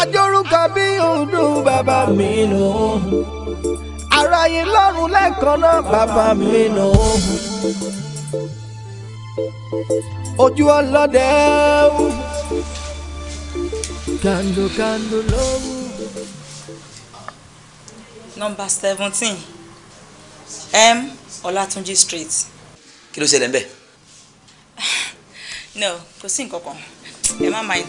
ajórúkọ bí ọdún bàbá mi nù. aráyé lọ́rùn lẹ́ẹ̀kan náà bàbá mi nù. ojú ọlọ́dẹ ó kàndòkàndò lọ́wọ́. nọ́mbà seventeen m ọlátúnjí street. kí ló ṣẹlẹ̀ ń bẹ̀. no kò sí nǹkan kan ẹ má máa ń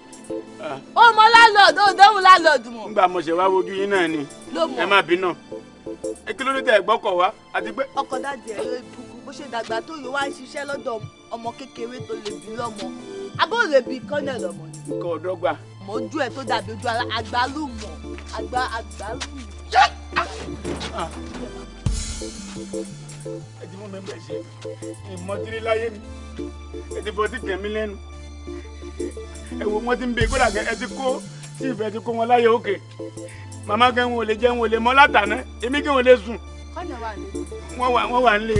ó mọ lálọ́ọ̀dù ó dẹ́hùn lálọ́ọ̀dù mọ̀. nígbà mo ṣe wá wojú yín náà ni ẹ má bínú ẹ kí ló ní tẹ ẹ gbọ́kọ̀ wá àti pé. ọkọ̀ dájú ẹ̀ ló dùkú bó ṣe dàgbà tó yìí wá ń ṣiṣẹ́ lọ́dọ̀ ọmọ kékeré tó lè bí lọ́mọ agbóòrè bíi kọ́nẹ̀ lọ́mọ. nǹkan ọ̀dọ́gba. mọ ojú ẹ tó dàbí ojú àgbálùmọ̀ àgbá àgbálùmọ̀. Ah. ẹ ti mú mi bẹ̀ ṣe ìmọ̀tìrí láyé mi ẹ ti fọ́ sí tẹ̀mí lẹ́nu ẹ wo wọn ti ń bẹ kódà kẹ ẹ ti kó tí ìfẹ́ ti kó wọn láyé òkè màmá kẹ ń wò jẹ ń wò mọ látàná èmi kẹ ń wò sùn. kọ́nà wà ní. wọ́n wà wọ́n wà ń lé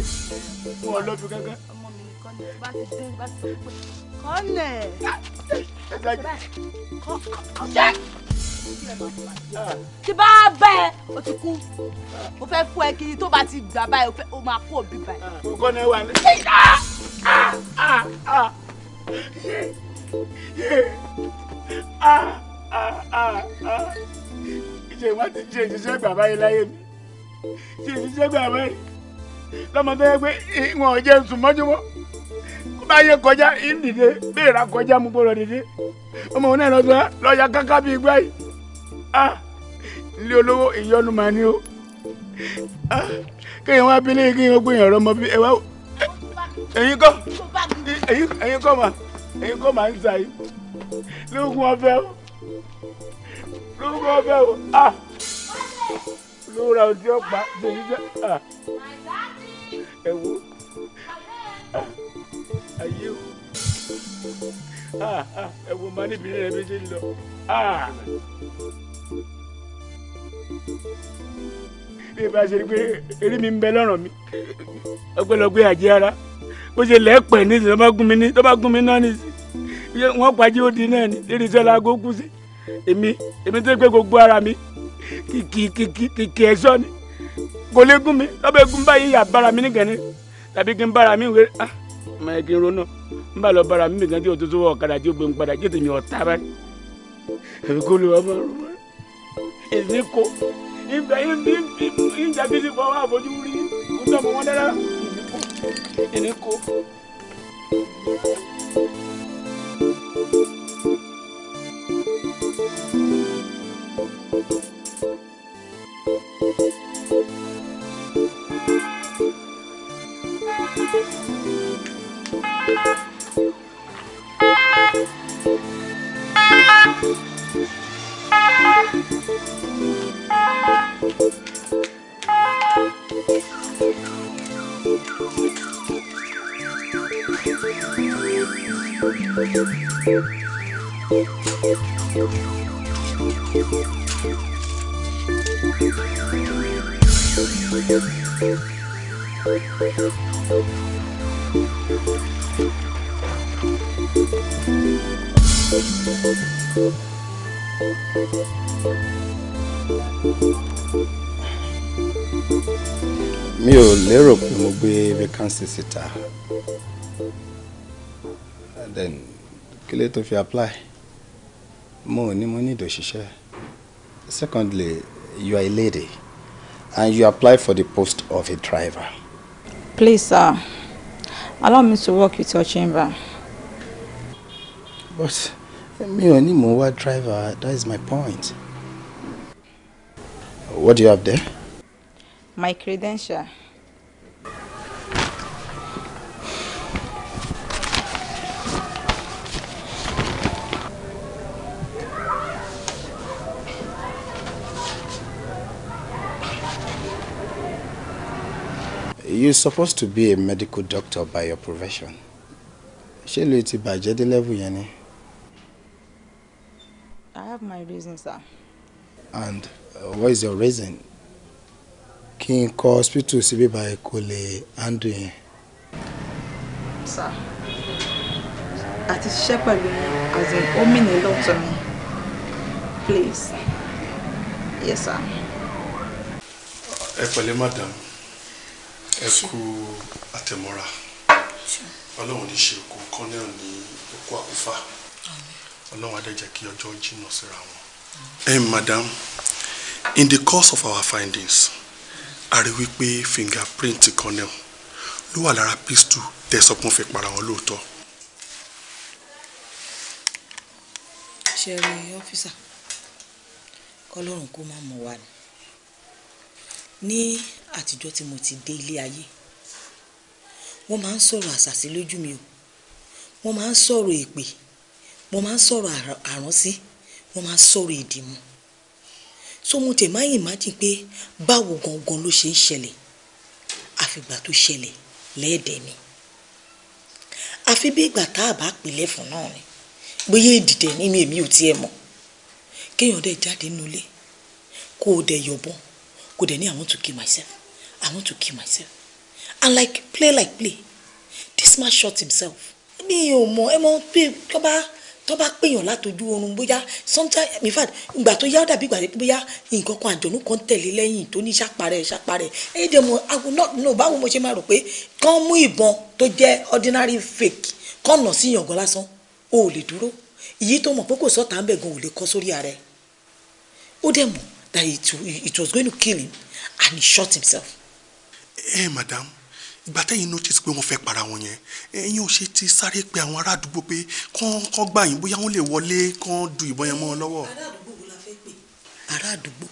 wọn ò lọ́bi kankan. ọmọ mi ni kọ́nà bá ti dé bá ti pè kọ́nà. kọ́nà tí bá bẹ́ẹ̀ o ti kú o fẹ́ fún ẹ kiri tó bá ti gbà báyìí o máa kú òbí báyìí. kọ́nà wà ní ṣe wá ti ṣe ìṣiṣẹ́ gbà báyìí láyé mi ṣe ìṣiṣẹ́ gbà báyìí lọ́mọ tó yẹ pé wọn ò jẹ́ sùn mọ́júmọ́ kó bá yẹ kọjá ìdìde béèrà kọjá mú gbọ́dọ̀ dìde ọmọ òun náà lọ́sọ̀ lọ́ọ̀yà káká bíi gbá yìí ilé ah, olówó ìyọnu màá ní o kéèyàn wá bílẹ̀ kéèyàn gbìyànjú ọmọ bíi ẹ̀wá ẹ̀yin kọ́ ẹ̀yin kọ́ mà èyí kò máa ń sà yìí lóògùn ọbẹ̀ o lóògùn ọbẹ̀ o ah lóòrà ojú ọ̀pá ṣèyí jẹ́ ah ẹ wo ah ayé o ah ah ẹ wo máa níbi rẹ̀ méjì lọ ah bí ẹ bá ṣe rí pé eré mi ń bẹ lọ́rùn mi ọgbẹ́lọgbẹ́ àjẹ́ ara bó ṣe lẹ́pẹ̀ ní ìsìn tó bá gún mi náà ní ìsìn wọ́n pàjé òdì náà ní lérí iṣẹ́ laago kú sí èmi èmi tó gbé gbogbo ara mi kìkì ẹ̀ṣọ́ ni kò lè gún mi lọ́bẹ̀ gún báyìí ìyá bára mi nìkan ni tàbí kí n bára mi wé ah ọmọ yẹn kí n ronú n bá lọ bára mi nìkan tí o tó tó wọ ọ̀kadà tí o gbé ń padà jẹ́ tèmi ọ̀tá báyìí èmi lè wá máa rún mọ́ èmi ìgbà yẹn bí ìjàbí ti fọwọ́ àfojú rí kó tó wọn dára. Eneko. Thank you. mi ò lérò pé mo gbé vacancy síta then kí lè tó fi apply mo ní mo ní ìdòṣìṣẹ́ secondly you are a lady and you apply for the post of a driver. please sir allow me to work with your chamber. but mi ò ní mo wá driver that is my point. what do you have there. my credential. you're supposed to be a medical doctor by your profession ṣé ló ti bàjẹ́ dé level yẹn ni. I have my reason sir. And uh, what is your reason? kí n kọ hospital síbí báyìí kò lè handle yẹn. sir àti ṣiṣẹ́ pẹ̀lú as in ó mean a lot to me please yes sir. ẹ pẹ̀lẹ́ madam ẹ kú àtẹ̀mọ́ra ní ṣe òkú kọ́nẹ́ẹ̀ ní òkú àkúfà ọlọ́run adẹ́jẹ́ kí ọjọ́ jìnnà síra wọn. ẹ madam in the course of our findings a rí wípé fingerprint kọ́nẹ́ẹ̀ ló wà lára pistol tẹ̀sọ̀kún fi para wọn lóòótọ́. ṣe rí ọ́fíìsà kọ́lọ́run kó má mọ̀ wá ni ní àtijọ́ tí mo ti dé ilé ayé wọ́n máa ń sọ̀rọ̀ àṣàsí lójú mi o wọ́n máa ń sọ̀rọ̀ èpè wọ́n máa ń sọ̀rọ̀ àránsí wọ́n máa ń sọ̀rọ̀ ìdìmú so mo tẹ̀ máa imagine pé báwo gangan ló ṣe ń ṣẹlẹ̀ àfìgbà tó ṣẹlẹ̀ lẹ́ẹ̀dẹ̀ mi àfi bí ìgbà tá a bá pè lẹ́fọ̀n náà ni bóyá ìdìdẹ̀ nínú èmi ò tiẹ̀ mọ̀ kéèyàn dẹ̀ jáde nulẹ̀ kó o dẹ̀ yọ̀bọ̀n kó o dẹ̀ ní I want to kill myself I want to kill myself. And like play like play. This man shot himself. Mi ò mọ̀ ẹ mọ̀ pé tó bá tó bá péyàn látojú sometimes in fact ìgbà tó yá ó dàbí ìgbà rẹ bóyá nǹkan kan àjọ̀nú kan tẹ̀lé lẹ́yìn tó ní ṣàparẹ́ ṣàparẹ́ ẹ̀yẹ́ dẹ̀ mọ̀ I will not know báwo mo ṣe máa rò pé kán mú ìbọn tó jẹ́ ordinary fake kán nà sí yàngàn lásán o ò duro. dúró ìyí tó mọ̀ pé kò sọ́ta ń bẹ̀ gan ò lè kọ́ sórí ara ẹ̀ ó dẹ̀ that it, it was going to kill him and he shot himself ẹ eh, eh, madam ìgbà tẹ́yìn notice pé wọ́n fẹ́ para wọn yẹn ẹ̀yin ò ṣe ti sáré pe àwọn ará àdúgbò pé kán kán gbà yín bóyá wọ́n lè wọlé kán du ìbọn yẹn mọ́ ọ lọ́wọ́. ará àdúgbò wo la fẹ́ pè ará àdúgbò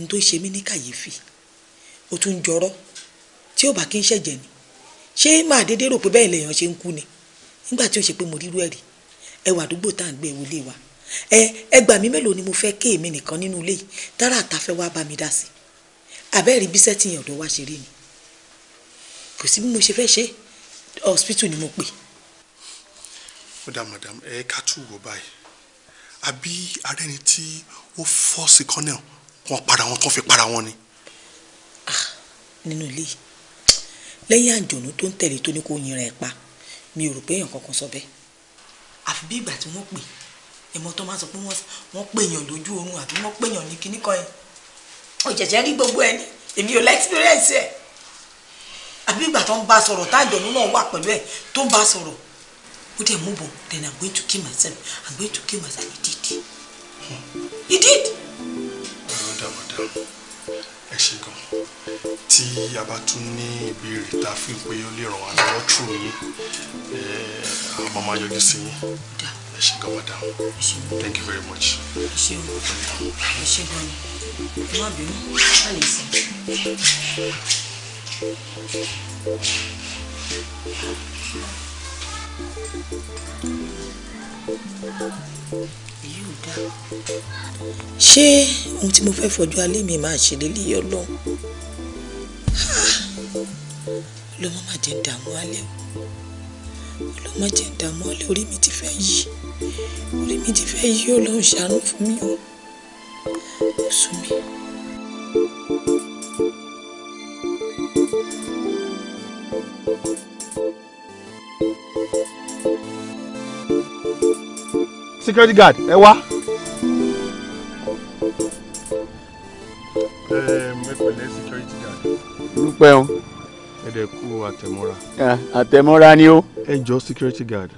n tó ṣe mí ní kàyéfì ó tún jọrọ tí ó bá kí n ṣẹ̀jẹ̀ ni ṣé máa dédé rò pé bẹ́ẹ̀ lèèyàn ṣe ń kú ni nígbà tí ó ṣe pé mo rírú ẹ̀ rí ẹwà àdúgbò tá à ń gbé wọlé wa ẹ ẹgbàá mi mélòó ni mo fẹ́ kéèmí nìkan nínú ilé yìí tára àtàfẹ́ wá bá mi dá sí i àbẹ́ẹ̀rí bíṣẹ́ tí yẹn ọ̀dọ̀ wá ṣe rí ni kò sí bí mo ṣe fẹ́ ṣe hospital ni mo pè. madam madam ẹ ká tún wò báyìí àbí ara ẹni tí ó fọ́ sí kọ́nẹ̀ wọn para wọn tó fi para wọn ni. ah nínú ilé lẹ́yìn àjọ̀nú tó ń tẹ̀lé tó ní kó yinra ẹ̀ pa mi ò rò pé èèyàn kankan sọ bẹ́ẹ̀. àfi bí ìgbà tí wọ́n pè é mọ́ tó máa sọ pé wọ́n pèèyàn lójú oorun àbí wọ́n pèèyàn ní kinní yẹn ọ̀jẹ̀jẹ̀ rí gbogbo ẹni èmi ò lẹ́kspírẹ́ǹsì ẹ̀ àbí ìgbà tó ń bá sọ̀rọ̀ tájọ̀nù náà wà pẹ̀lú ẹ̀ tó ń bá sọ̀rọ̀ ó dẹ̀ mú bọ̀ then i'm going to kill myself i'm going to kill myself he did he did. ọ̀rọ̀ dàbọ̀dà ẹ ṣe gan tí a bá tún ní ìbéèrè tá a fi pe ó lè ràn wá lọ́wọ́ tù yín àwọn ọmọ madam thank you very much. ẹ má bínú láyé sí. ṣé ohun tí mo fẹ́ fojú alẹ́ mi máa ṣe lélẹ́yìí ọlọ́run lọ́mọ má jẹ́ dààmú alẹ́ o lọ́mọ jẹ́ dààmú alẹ́ orí mi ti fẹ́ yí orí mi ti fẹ́ yí ọlọ́run ṣàánú fún mi o ń security guard ẹ wá. ẹ pẹ̀lẹ́ security guard. dúpẹ́ o. ẹ dẹ̀ kú àtẹ̀mọ́ra. àtẹ̀mọ́ra ni ó. ẹ jọ security guard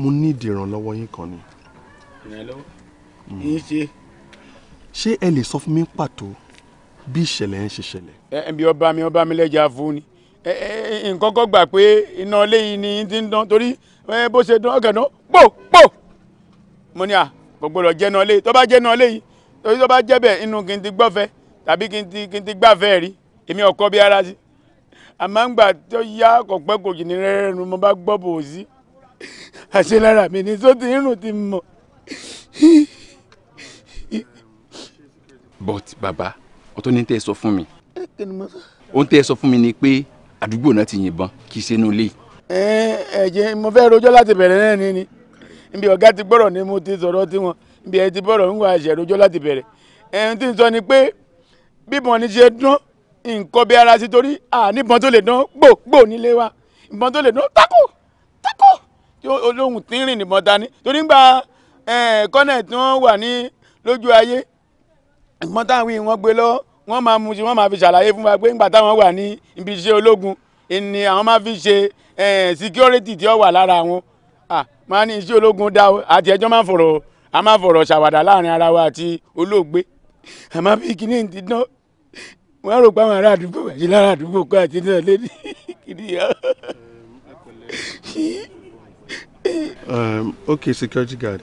mo ní ìdìrànlọ́wọ́ yín kan ni. ìrànlọ́wọ́ hmm. kì í ṣe ṣé ẹ lè sọ fún mi pàtó bí ìṣẹ̀lẹ̀ yẹn ṣe ṣẹlẹ̀. ẹ ẹ bí ọba mi ọba mi lẹ́jà fún ni nǹkan kan gbà pé iná ilé yìí ni ti ń dán torí bó ṣe dán ọ̀gànà pò pò mo ní à kò gbọdọ̀ jẹ́ iná ilé tó bá jẹ́ iná ilé yìí torí tó bá jẹ́ bẹ́ẹ̀ inú kí n ti gbọ́fẹ́ tàbí kí n ti kí n ti gbàfẹ́ rí èmi ọ̀kọ́ bí ara sí àmọ́ ń gbà tó yá kọ̀pẹ́ kò jìnnì rẹ́rẹ́ nu mo bá gbọ́ bò ó sí àṣẹ lára mi ní só ti ń rùn ti mọ̀. but baba ọ̀tọ̀ ni tẹ́ ẹ sọ fún mi. ohun tẹ́ ẹ sọ fún mi ni pé àdúgbò náà ti yìnbọn kì í ṣe inú ilé. ẹ ẹ jẹ mo fẹ́ rojọ́ láti bẹ̀rẹ̀ náà ni ni nbí ọ̀gá ti gbọ́rọ̀ ni mo ti sọ̀rọ̀ tiwọn nbí ẹ ti bọ̀rọ̀ ń wà ẹ̀ṣẹ̀ rojọ́ láti bẹ̀rẹ̀ ẹ n ti sọ ni pé bíbọn ni ṣe dán nǹkan bí ara sí torí àníbọn tó lè dán gbò gbò nílé wa ìbọn tó lè dán tako tako tí olóhùn tí ń rìn nìbọn ta ni torí ń gba kọ́nẹ̀ tí wọ́n wà ní lójú ayé nǹkan táwọn gbé lọ wọ́n máa mú sí wọ́n máa fi ṣàlàyé fún wa pé ńgbà táwọn wà ní ibi iṣẹ́ ológun ni àwọn máa fi ṣe security tí ó wà lára wọn máa ní iṣẹ́ ológun dá àti ẹjọ́ máa fọ̀rọ̀ a máa fọ̀rọ̀ ṣàwàdà láàrin ara wa àti olóògbé àmọ́ bí kinní ti dán wọ́n rò pé ará àdúgbò àti lára àdúgbò kọ́ àti náà lé ní kìnìún yá. okay security guard.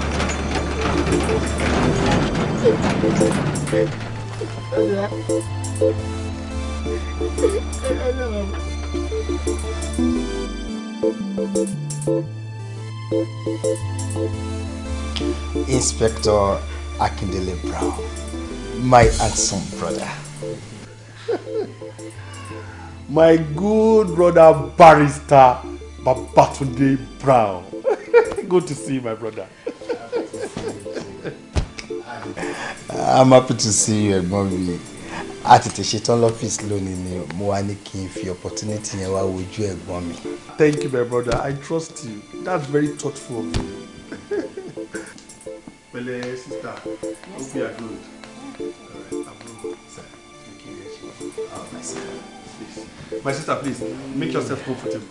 Inspector Akindele Brown, my handsome brother. my good brother barrister Babatunde Brown. Good to see you, my brother. I'm happy to see you ẹ̀gbọ́n mi a tètè ṣetán lọ́fíìsì lónìí ni mo wá ní kí n fi opportunity yẹn wá wojú ẹ̀gbọ́n mi. Thank you my brother I trust you that's very thoughtful of you. pẹ̀lẹ́ sista hope you are good. My sister, please make yourself comfortable.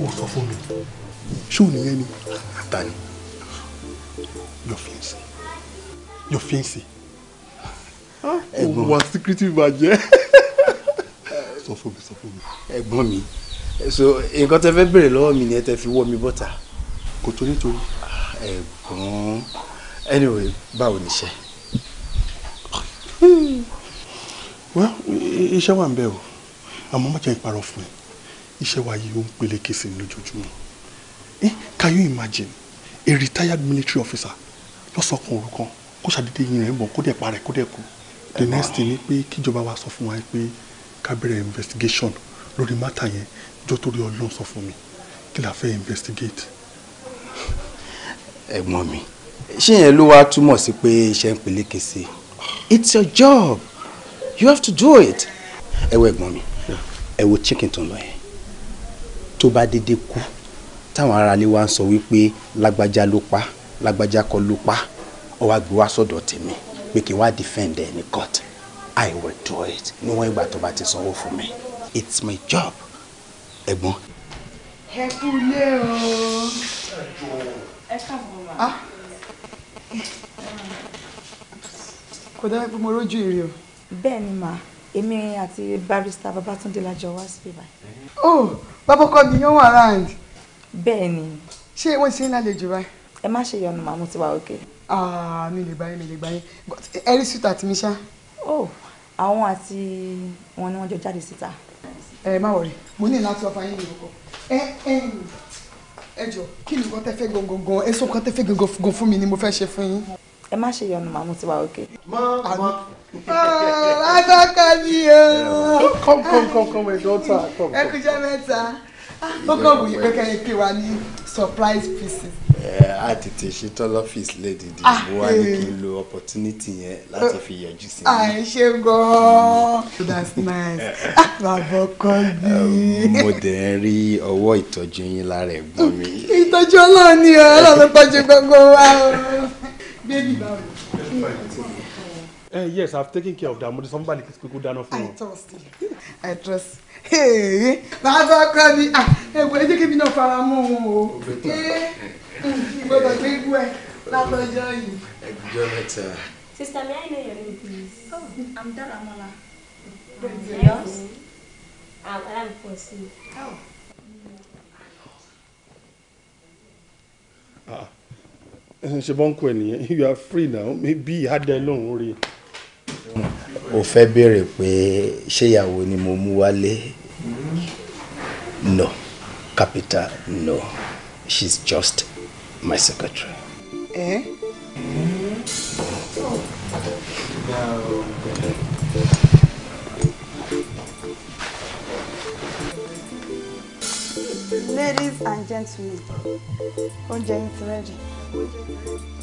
o sọ fún mi ṣé òun nìyẹn ni àtàní your fiancé your fiancé ẹ̀gbọ́n wa secretive bàjẹ́ sọ fún mi sọ fún mi. ẹ̀gbọ́n mi so nǹkan tẹ fẹ́ bèrè lọ́wọ́ mi ni ẹ tẹ fi wọ́ mi bọ́ta. kò tó nítorí. ẹ̀gbọ́n anyway báwo ni iṣẹ́. well iṣẹ́ wà ń bẹ̀ o àmọ́ má jẹ́ ìparọ́ fún ẹ iṣẹ́ wa yìí ó ń peléke sí lójoojúmọ́ eh can you imagine a retired military officer lọ́sọ̀kan òru kan kó ṣàdédé yin rẹ̀ ń bọ̀ kó dẹ̀ parẹ́ kó dẹ̀ kú the next thing ni pé kíjọba wa sọ fún wa pé ká investigation lórí mátà yẹn jọ torí ọlọ́run sọ fún mi kí la fẹ́ investigate. ẹ̀gbọ́n mi ṣé yẹn ló wáá túmọ̀ sí pé iṣẹ́ ń peléke sí it's your job you have to do it. ẹ wo ẹ̀gbọ́n mi ẹ wo chicken tó lọ yẹn tó bá dédé kú táwọn aráalé wa ń sọ wípé lágbájá ló pa lágbájá kọ́ ló pa ó wá gbé wá sọ́dọ̀ tèmi pé kí n wá defend ẹ ní court I will do it níwọ̀n ìgbà tó bá ti sanwó fún mi it's my job ẹ̀gbọ́n. ẹ kú lé o ẹ káàbọ̀ wá. Ah. kò dára pé mo rójú ìrì o. bẹ́ẹ̀ ni èmi àti barrister Babátúndé la wá sí ibà. oh bàbá ọkọ mi yóò wà round. bẹ́ẹ̀ ni. ṣé wọ́n ti ń lálejò báyìí. ẹ má ṣe yọnu màmú ti wà òkè. Ah, mi lè gbáyé mi lè gbáyé ẹ rí sùtà tí mi ṣá. oh àwọn àti wọn ni wọn jọ jáde síta. ẹ má wọrí mo ní láti ọba yín lórúkọ ẹ ẹ ẹ jọ kí ni nǹkan tẹ́ fẹ́ gangan ẹ sọ nǹkan tẹ́ fẹ́ gangan fún mi ni mo fẹ́ ṣe fún yín ẹ má ṣe yọnu màmú ti wà òkè. akọkọ mi o. come come come come my daughter come. ẹ kújẹ mẹ́ta ó kàn wòye pé kẹ́yìn pé wa ní surprise pieces. ẹ eh, á tètè ṣetán lọ́fíìsì lédìdí bó ah, wá ní eh. kí n lo opportunity yẹn láti fi yọjú sí i. à ah, ṣe gan-an that's nice eh, ah, bàbá ọkọ mi. mo dẹ̀ ń rí ọwọ́ ìtọ́jú yín lára ẹ̀gbọ́n mi. ìtọ́jú ọlọ́run ni ọlọ́run tọ́jú gbogbo wa Baby, Barry. Uh, eh, yes, I've taken care of that. But somebody is quick down me. I trust you. I trust. Hey, Baba Krabi. Ah, hey, where did you give me no faramo? Hey, Baba Krabi. That's what you're doing. Enjoy better. Sister, may I know your name, please? Oh, I'm Daramola. Yours? Ah, I'm Alam Kosi. Oh. Ah ṣe bọ́ ń you are free now maybe ìhádẹ́ lòún rí. o fẹ́ béèrè pé ṣé ìyàwó ni mo mú wálé no capital no she's just my secretary. Eh? Ladies and gentlemen, oúnjẹ yìí ti rẹ́dì.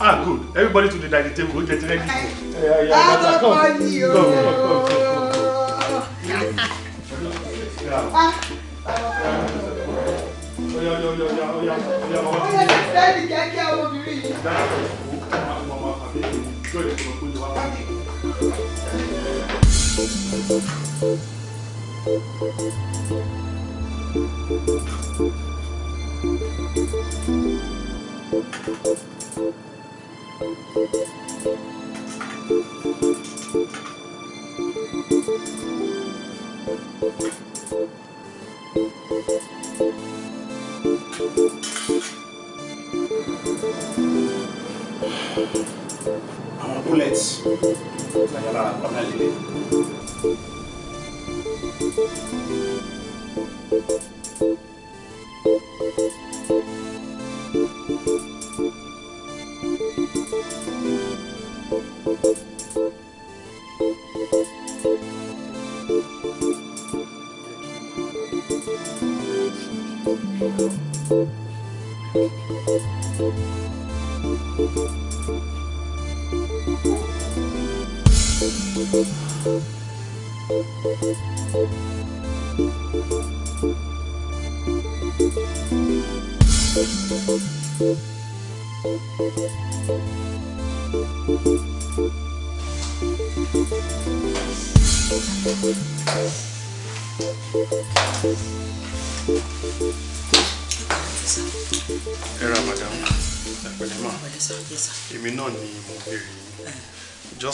Ah, good. Everybody to the dining table. Go get ready. Eh, eh, eh, yeah, yeah, yeah. Come, come, come, come. Thank you.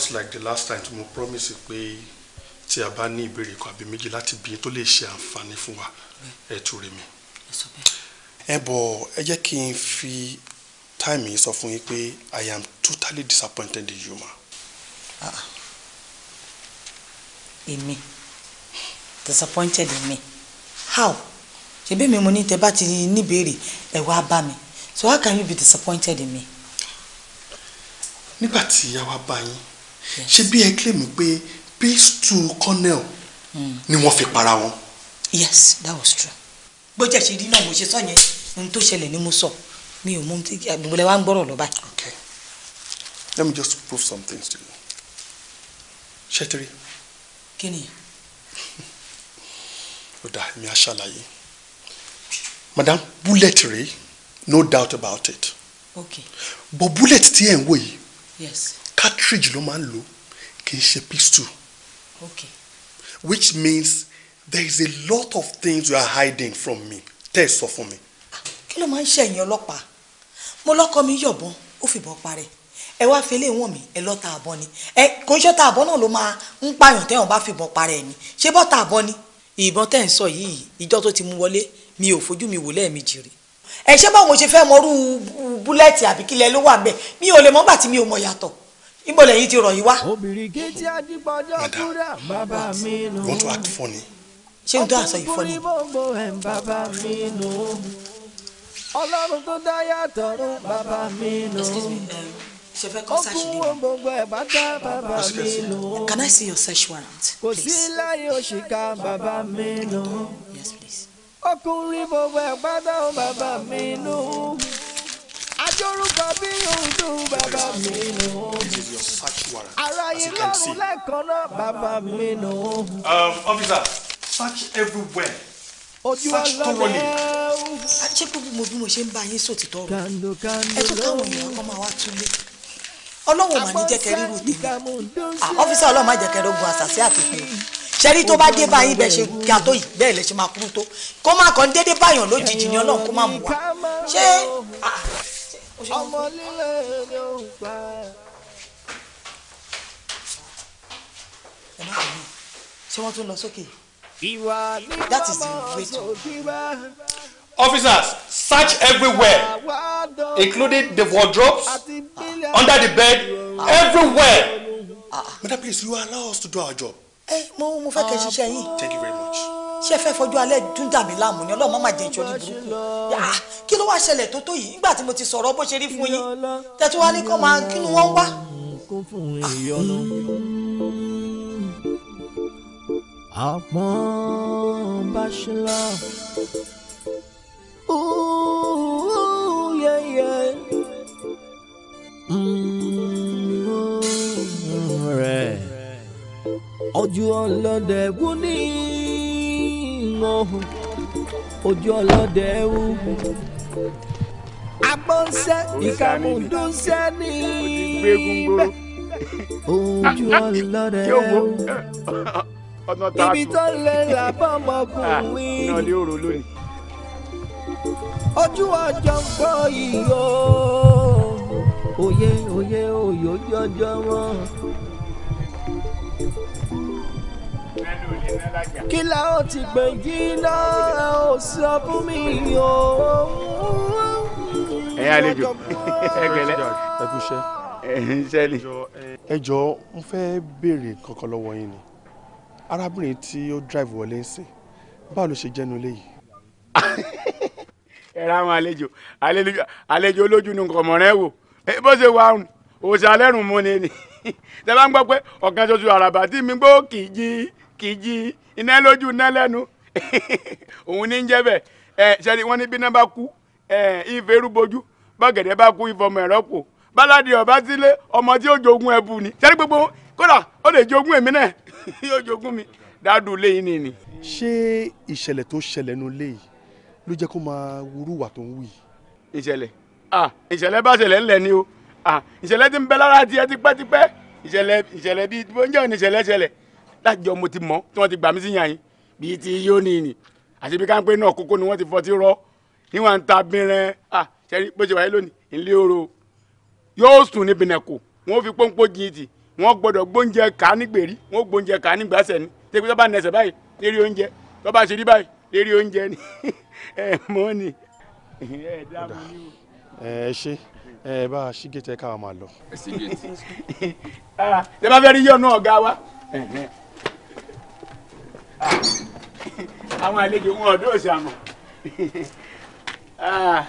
just like the last time tí mo promise pé tí a bá ní ìbéèrè kan àbí méjì láti bí tó lè ṣe àǹfààní fún wa ẹ tún rí mi. ẹ bọ̀ ẹ jẹ́ kí n fi táìmì sọ fún yín pé I am totally disappointed in you ma. Ah, ah. èmi disappointed in me how ṣebí mi mo ní tẹ bá ti níbèrè ẹ wá bá mi so how can you be disappointed in me. nígbà tí a wá bá yín ṣé bí ẹ claim pé peace to Cornell. Hmm. ni wọ́n fi para wọn. yes that was true. bó jẹ́ ṣe rí náà mo ṣe sọ yẹn ohun tó ṣẹlẹ̀ ni mo sọ mi ò mú àgbègbè wa ń gbọ́rọ̀ lọ́ba. okay let me just prove some things to you. ṣẹ́tìrì. kí ni. ó dáa èmi á ṣàlàyé madam bullet rèé no doubt about it. okay. but bullet tí ẹ̀ ń wò yìí. yes cartridge ló máa ń lò kì í ṣe pistol. okay. which means there is a lot of things you are hiding from me Tell ẹ sọ fún mi. Ah, kí ló máa ń ṣẹ̀yìn ọlọ́pàá mo lọ́kọ mi yọ̀bọ̀n ó fìbọn parẹ́ ẹ wá fi eléwọ̀n mi ẹ lọ́ta àbọ̀ ni ẹ kò ń ṣọ́ta àbọ̀ náà ló máa ń pààyàn tẹ́wọ̀n bá fìbọn parẹ́ ni ṣé bọ́ta àbọ̀ ni ìbọn tẹ́ ń sọ yìí ìjọ tó ti mú wọlé mi ò fojú mi wò lẹ́ẹ̀mejì rí ẹ ṣé báwo mo ṣe fẹ́ mọrú búlẹ́ẹ̀tì àbíkílẹ̀ ló wà bẹ́ẹ̀ mi ò lè mọ́ tí mi ò mọ̀ yàtọ̀ níbo lẹ́yìn ti rọ̀ yìí wá. obìnrin kejì adigunjọ kúrà bàbá mi nù. you want to act funny. ṣé n tó àṣọ yìí funny. bàbá mi nù. ọlọ́run tó dá yàtọ̀ rún bàbá mi nù. excuse me um, ọkùnrin gbogbo ẹ̀ bá dá bàbá mi nù. can I see your search warrant please. kò sí láyé òṣìkà bàbá mi nù. yes please. ọkùnrin gbogbo ẹ̀ bá dá bàbá mi nù ajórúkọ bí òǹdùn bàbá mi nù. aráyé lọ́rùn lẹ́ẹ̀kan náà bàbá mi nù. Um, officer search everywhere ojú ọlọ́run ṣé gbogbo mo bí mo ṣe ń bá yín sòtítọ́ rẹ ẹ tún káwọn èèyàn kan máa wá túlé ọlọ́wọ̀n mà ní jẹ́kẹ́ rírù tèmi ọ́fíìsì ah, ọlọ́run má jẹ́kẹ́ rogun àṣàṣe àtìpé ṣẹ́rí tó bá dé báyìí bẹ́ẹ̀ ṣe ga tó yìí bẹ́ẹ̀ lẹ ṣe máa kúrú tó kó má kàn déédéé báyàn lójijì ni ọlọ́run kó má mú wa ṣé. Ah, ọmọ líle ni ó ń gbà. ṣé wọ́n tún lọ sókè. ìwà ní bàbá sókè Officers, search everywhere, including the wardrobes, under the bed, ah. everywhere. Ah. ah. Madam, please, you allow us to do our job. Ẹ eh, mo mo fẹ́ kẹ́ ṣiṣẹ́ yìí. Thank you very much ṣé fẹ́ fọjú alẹ́ dún dàbí láàmú ni ọlọ́run má má jẹ́ ìṣòrí burúkú kí ló wá ṣẹlẹ̀ tó tó yìí nígbà tí mo ti sọ̀rọ̀ bó ṣe rí fún yín tẹ́tí wá ní kọ́ máa kí ni wọ́n wá. àpọ́n bá yẹyẹ rẹ ọjọ́ ọlọ́dẹ wúni ohun ojú ọlọ́dẹ ń hù. agbọ́nsẹ́ ìkàmùdúnsẹ́ ní ibẹ̀ ojú ọlọ́dẹ ń hù. ibi tó lè là bọ́mọkùnrin ojú ọjọ́ ń gbọ́ yìí o òye òye òyò jọjọ wọn kí la ó ti gbẹ̀ngí náà ó sọ fún mi o. ẹ̀yin àlejò ẹgbẹ̀lẹ́ ẹ kú iṣẹ́ ẹ̀yin iṣẹ́ ni. ẹ jọ̀ọ́ mo fẹ́ béèrè kankan lọ́wọ́ yín ni arábìnrin tí ó drive wọlé ń sìn báwo ló ṣe jẹ́nu léyìí. ẹ ra àwọn àlejò àlejò olójú ni nǹkan mọ̀rẹ́ wò bó ṣe wà òòṣà lẹ́rùn mọ́ni ni tẹ bá ń gbọ́ pé ọ̀kan ṣoṣo àràbà tí mi gbó kì í jí kìjì iná lójú iná lẹ́nu òun ní ń jẹ́ bẹ́ẹ̀ ẹ ṣẹ́ni wọ́n ní bí iná bá kú ẹ ìfẹ́ rúbojú bọ́gẹ̀dẹ̀ bá kú ìfọmọ ẹ̀rọ pò báládì ọ̀bá sílé ọmọ tí ó jogún ẹ̀bù ni ṣẹ́ni gbogbo kódà ó lè jogún èmi náà yóò jogún mi dáàdù léyìn ni ni. ṣé ìṣẹ̀lẹ̀ tó ṣẹlẹ̀ nu léyìí ló jẹ́ kó máa wúrúwà tó ń wù ìṣẹ̀lẹ̀ ah ìṣẹ̀lẹ̀ bá ṣẹlẹ̀ ńlẹ̀ ni o ah ìṣẹ̀lẹ̀ ti ń bẹ lára tiẹ̀ tipẹ́tipẹ́ ìṣẹ̀lẹ̀ ìṣẹ̀lẹ̀ bíi bóńjẹ́ òní ìṣẹ̀lẹ̀ ṣẹlẹ̀ lájọ mo ti mọ̀ tí wọ́n ti gbà mí sí yàn yín bíi ti yóò ní ìní àti bí káńpé náà kókó ni wọ́n ti fọ́ ti rọ́ níwọ̀n ń ta bínrẹ́ à sẹ́rí bó ṣe wáyé lónìí ilé oró yóò sùn ní bìnẹ̀kù wọ́n fi pọ́npọ́ jìn tì wọ́n gbọ́dọ̀ gbóúnjẹ ká nígbèrí wọ́n gbóúnjẹ ká nígbàsẹ̀ ni tẹ́gbẹ́ tó bá nẹsẹ̀ báyìí lérí oúnjẹ tó bá ṣe rí báyìí lérí oúnjẹ ni ẹ mọ́ ni ẹ dáàbò ni o. ẹ ṣe ẹ bá a ṣí gètè káwa máa lọ. ẹ ṣí gètè. ṣé ah, bá fẹ́ rí yọ̀ọ̀nù ọ̀gá wa. àwọn àlejò wọn ọdún òsì àmọ́ ah.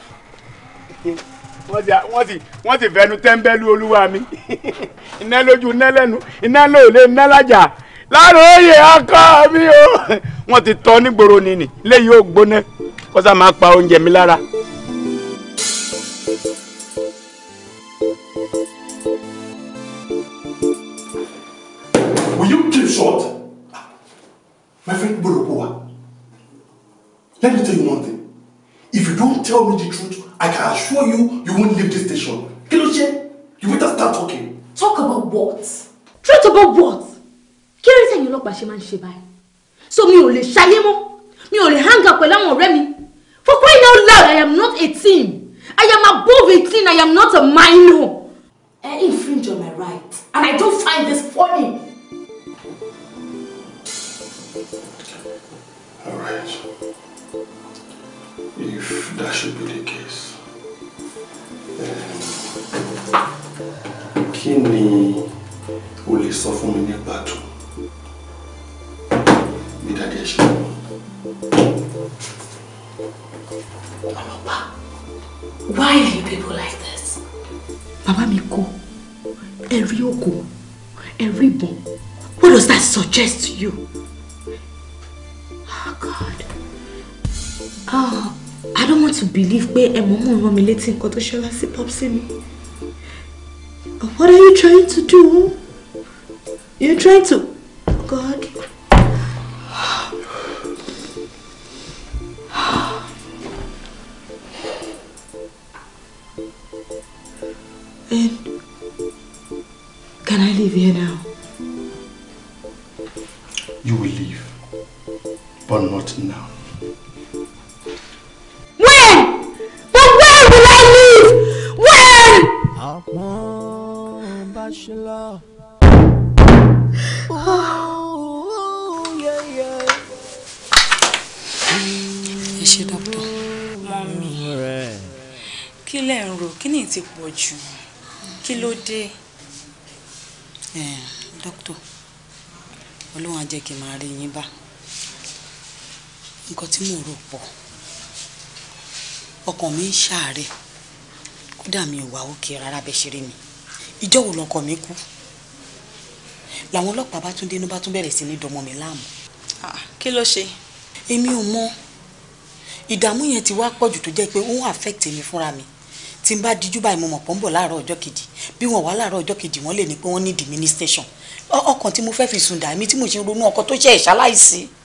wọ́n ti fẹnu tẹ́ńbẹ́lú olúwa mi iná lójú iná lẹ́nu iná lóòlé iná lájà láàrọ̀ ọkọ mi o wọ́n ti tọ́ nígboro nìní léyìí ó gbóná máa pa oúnjẹ mi lára. Will you keep short? My friend Bolokowa, let me tell you one thing. If you don't tell me the truth, I can assure you, you won't leave this station. Kiloche, you better start talking. Talk about what? Truth about what? Kí ló tẹ̀yìn ọlọ́pàá ṣe máa ń So me only, lè me only hang up pẹ̀lú àwọn ọ̀rẹ́ mi. For crying out loud, I am not eighteen. I am above eighteen, I am not a minor. I infringe on my right and I don't find this funny. All right. If that should be the case, um, kí ni o lè sọ fún mi ní pàtó why are you people like this. bàbá Miko, Erioko, Eribo. what does that suggest to you. God. Oh, I don't want to believe pé ẹ mọ̀ọ́mọ̀ rán mi létí to tó ṣẹlá sí Popsi mi. What are you trying to do? You're trying to... God. And can I leave here now? You will leave but not now. When? But where will I live? When? Upon bachelor. Oh, oh, ẹ ṣe dọ́pọ̀ mọ́mí kí lẹ̀ ń ro kí ni ti pọ̀ jù kí ló dé dókítà ọlọ́run á jẹ́ máa rí yín bá nǹkan tí mò ń rò pọ̀ ọkàn mi ń ṣàárẹ̀ kódà mi ò wá òkè rárá bẹ́ẹ̀ ṣeré mi ìjọ́ wo lọkọ mi kú làwọn ọlọ́pàá bá tún dénú bá tún bẹ̀rẹ̀ sí ní dọmọ mi láàmú. kí ló ṣe. èmi ò mọ ìdààmú yẹn ti wá pọ̀jù tó jẹ́ pé ó ń affect mi fúnra mi tí n bá dijú báyìí mo mọ̀ pọ̀ ń bọ̀ láàárọ̀ ọjọ́ kejì bí wọ́n wá láàárọ̀ ọjọ́ kejì wọ́n lè ní pé wọ́n ní administration ọkàn tí mo fẹ́ fi sùn dà tí mo ṣe ronú ọkọ tó ṣe ìṣaláìsí. E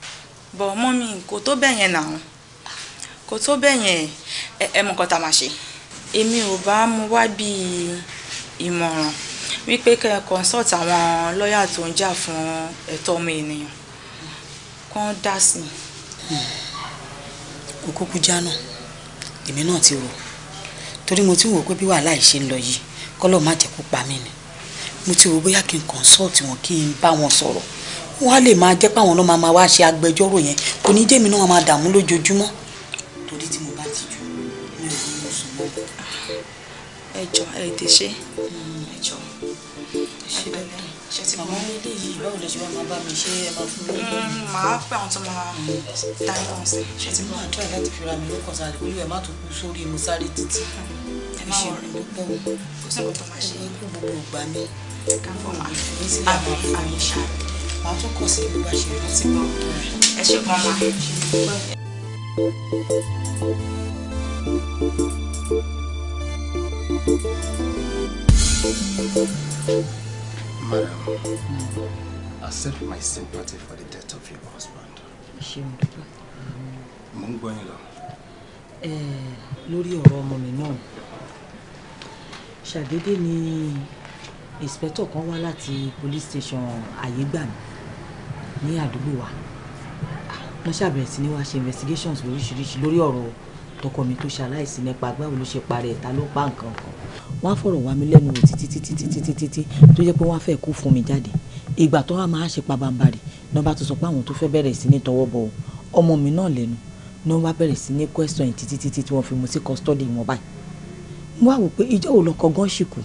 bọ̀ mọ́mì kò tó bẹ́ẹ̀ yẹn náà kò tó bẹ́ẹ̀ yẹn ẹ mọ̀ nǹkan tá a máa ṣe èmi ò bá mú wá bí ìmọ̀ràn wípé kẹ́ ẹ consult àwọn lọ́ọ̀yà tó ń jà fún ẹ̀tọ́ ọmọ ènìyàn kán dá sí i. kò kúkú já náà èmi náà ti rò torí mo ti wò pé bí wàhálà yìí ṣe ń lọ yìí kọ́lọ́ má jẹ́ kó pa mí ni mo ti rò bóyá kí n consult wọn kí n bá wọn sọ̀rọ̀ wọ́n á lè máa jẹ́ páwọn náà máa wá ṣe agbẹjọ́rò yẹn kò ní jẹ́mi náà máa dààmú lójoojúmọ́. torí tí mo bá ti jù mi ò ní mú sùn mọ́. ẹjọ ẹ tè ṣe. ẹjọ ṣe bẹ́ẹ̀ ṣe ti mọ ilé yìí báwo lè ṣe wá máa bá mi ṣe é máa fún mi. Hmm, màá pẹ́ àwọn tó máa darí wọn sí. ṣe ti mọ àdúrà láti fi ra mi lókàn sáré kó yẹ má tó kú sórí mo sáré títí. ẹ má wọrí ló pọ̀ kó sì kó tó máa ṣe. ẹ kú gbogbo ìgbà mi. ká fọ́ máa fi sí àwọn àmì ṣáà màá tún kọ sí ìlú àṣírí láti gbọ́ ẹ ṣe kan máa. Madam, hmm. accept my sympathy for the death of your husband. Mo ń gbọ́ yín lọ. Lórí ọ̀rọ̀ ọmọ mi náà, ṣàdédé ni inspector kan wá láti police station àyégbàmí ní àdúgbò wa wọ́n ṣàbẹ̀rẹ̀ sí ní wá ṣe investigations lóríṣiríṣi lórí ọ̀rọ̀ tọkọ mi tó ṣaláìsí nípa báwo ló ṣe parẹ́ ta ló pa nǹkan kan wọ́n á fọ̀rọ̀ wá mi lẹ́nu wò títí títí títí títí tí tó jẹ́ pé wọ́n á fẹ́ kú fún mi jáde ìgbà tó wá máa ṣe pabambarì náà bá tó sọ pé àwọn tó fẹ́ bẹ̀rẹ̀ sí ní tọwọ́ bọ̀ ọmọ mi náà lẹ́nu náà wá bẹ̀rẹ̀ sí ní question títí títí tí wọ́n fi mú sí custody wọn báyìí mo wá wò pé ìjọ́ òlọ́kọ̀ gan ṣìkù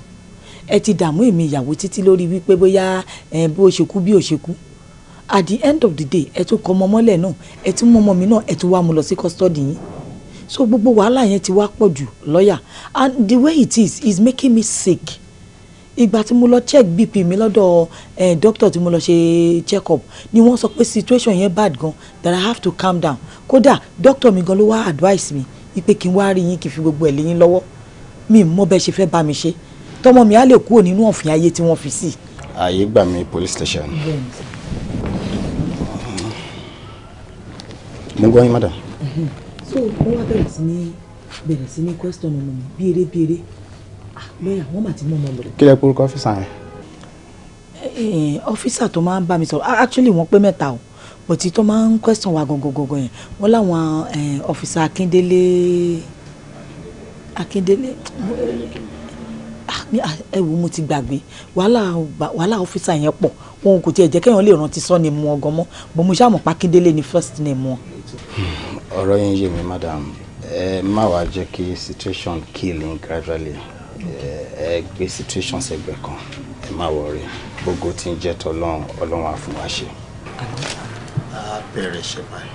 ẹ ti dààmú èmi ìyàwó títí lórí wípé bóyá bó o ṣe kú bí o ṣe kú at the end of the day ẹ tún kọ ọmọ mọ́lẹ̀ náà ẹ tún mọ ọmọ mi náà ẹ tún wá mu lọ sí custody yín so gbogbo wàhálà yẹn ti wá pọ̀ jù lọ́yà and the way it is is making me sick ìgbà tí mo lọ check bp mi lọ́dọ̀ eh, doctor tí mo lọ ṣe check up ni wọ́n sọ pé situation yẹn bad gan that i have to calm down kódà doctor mi gan ló wá advice mi ipe kí n wá rí yín kí n fi gbogbo ẹ̀ lé yín lọ́wọ́ mi mọ bẹ́ẹ̀ ṣe fẹ́ bá mi ṣe tọmọ mi á lè kúrò nínú ọ̀fìn ayé tí wọ́n fi sí. ààyè gbà mí police station. mo gbọ́ yín madam. so wọ́n wá bẹ̀rẹ̀ sí ní bẹ̀rẹ̀ sí ní question ọmọ mi bí eré bí eré ah, lọ́yà wọ́n mà ti mú ọmọ lọ. kí lẹ kúrúkọ ọ́fíìsà yẹn. Eh, ọ́fíìsà tó máa ń bá mi sọ̀rọ̀ actually wọ́n pé mẹ́ta o but tó máa ń question wa gangan yẹn wọ́n láwọn eh, ọ́fíìsà Akíndélé Akíndélé. Ah, ah, ẹ wo mo ti gbàgbé wàhálà ọ́fíìsà yẹn pọ̀ wọn kò tiẹ̀ jẹ́ kéèyàn lè rántí sọ ni mu ọgọ́ mọ́ bọ́n mo ṣáà mọ̀ pákíndélé ni first name wọn. Hmm, ọ̀rọ̀ yẹn yé mi madam ẹ má wàá jẹ́ kí situation killing gradually ẹ gbé situation sẹ́gbẹ̀ kan ẹ má wọrí gbogbo tí ń jẹ́ tọ́lọ́run ọlọ́run àfúnwáṣe. a bẹ̀rẹ̀ ṣe báyìí.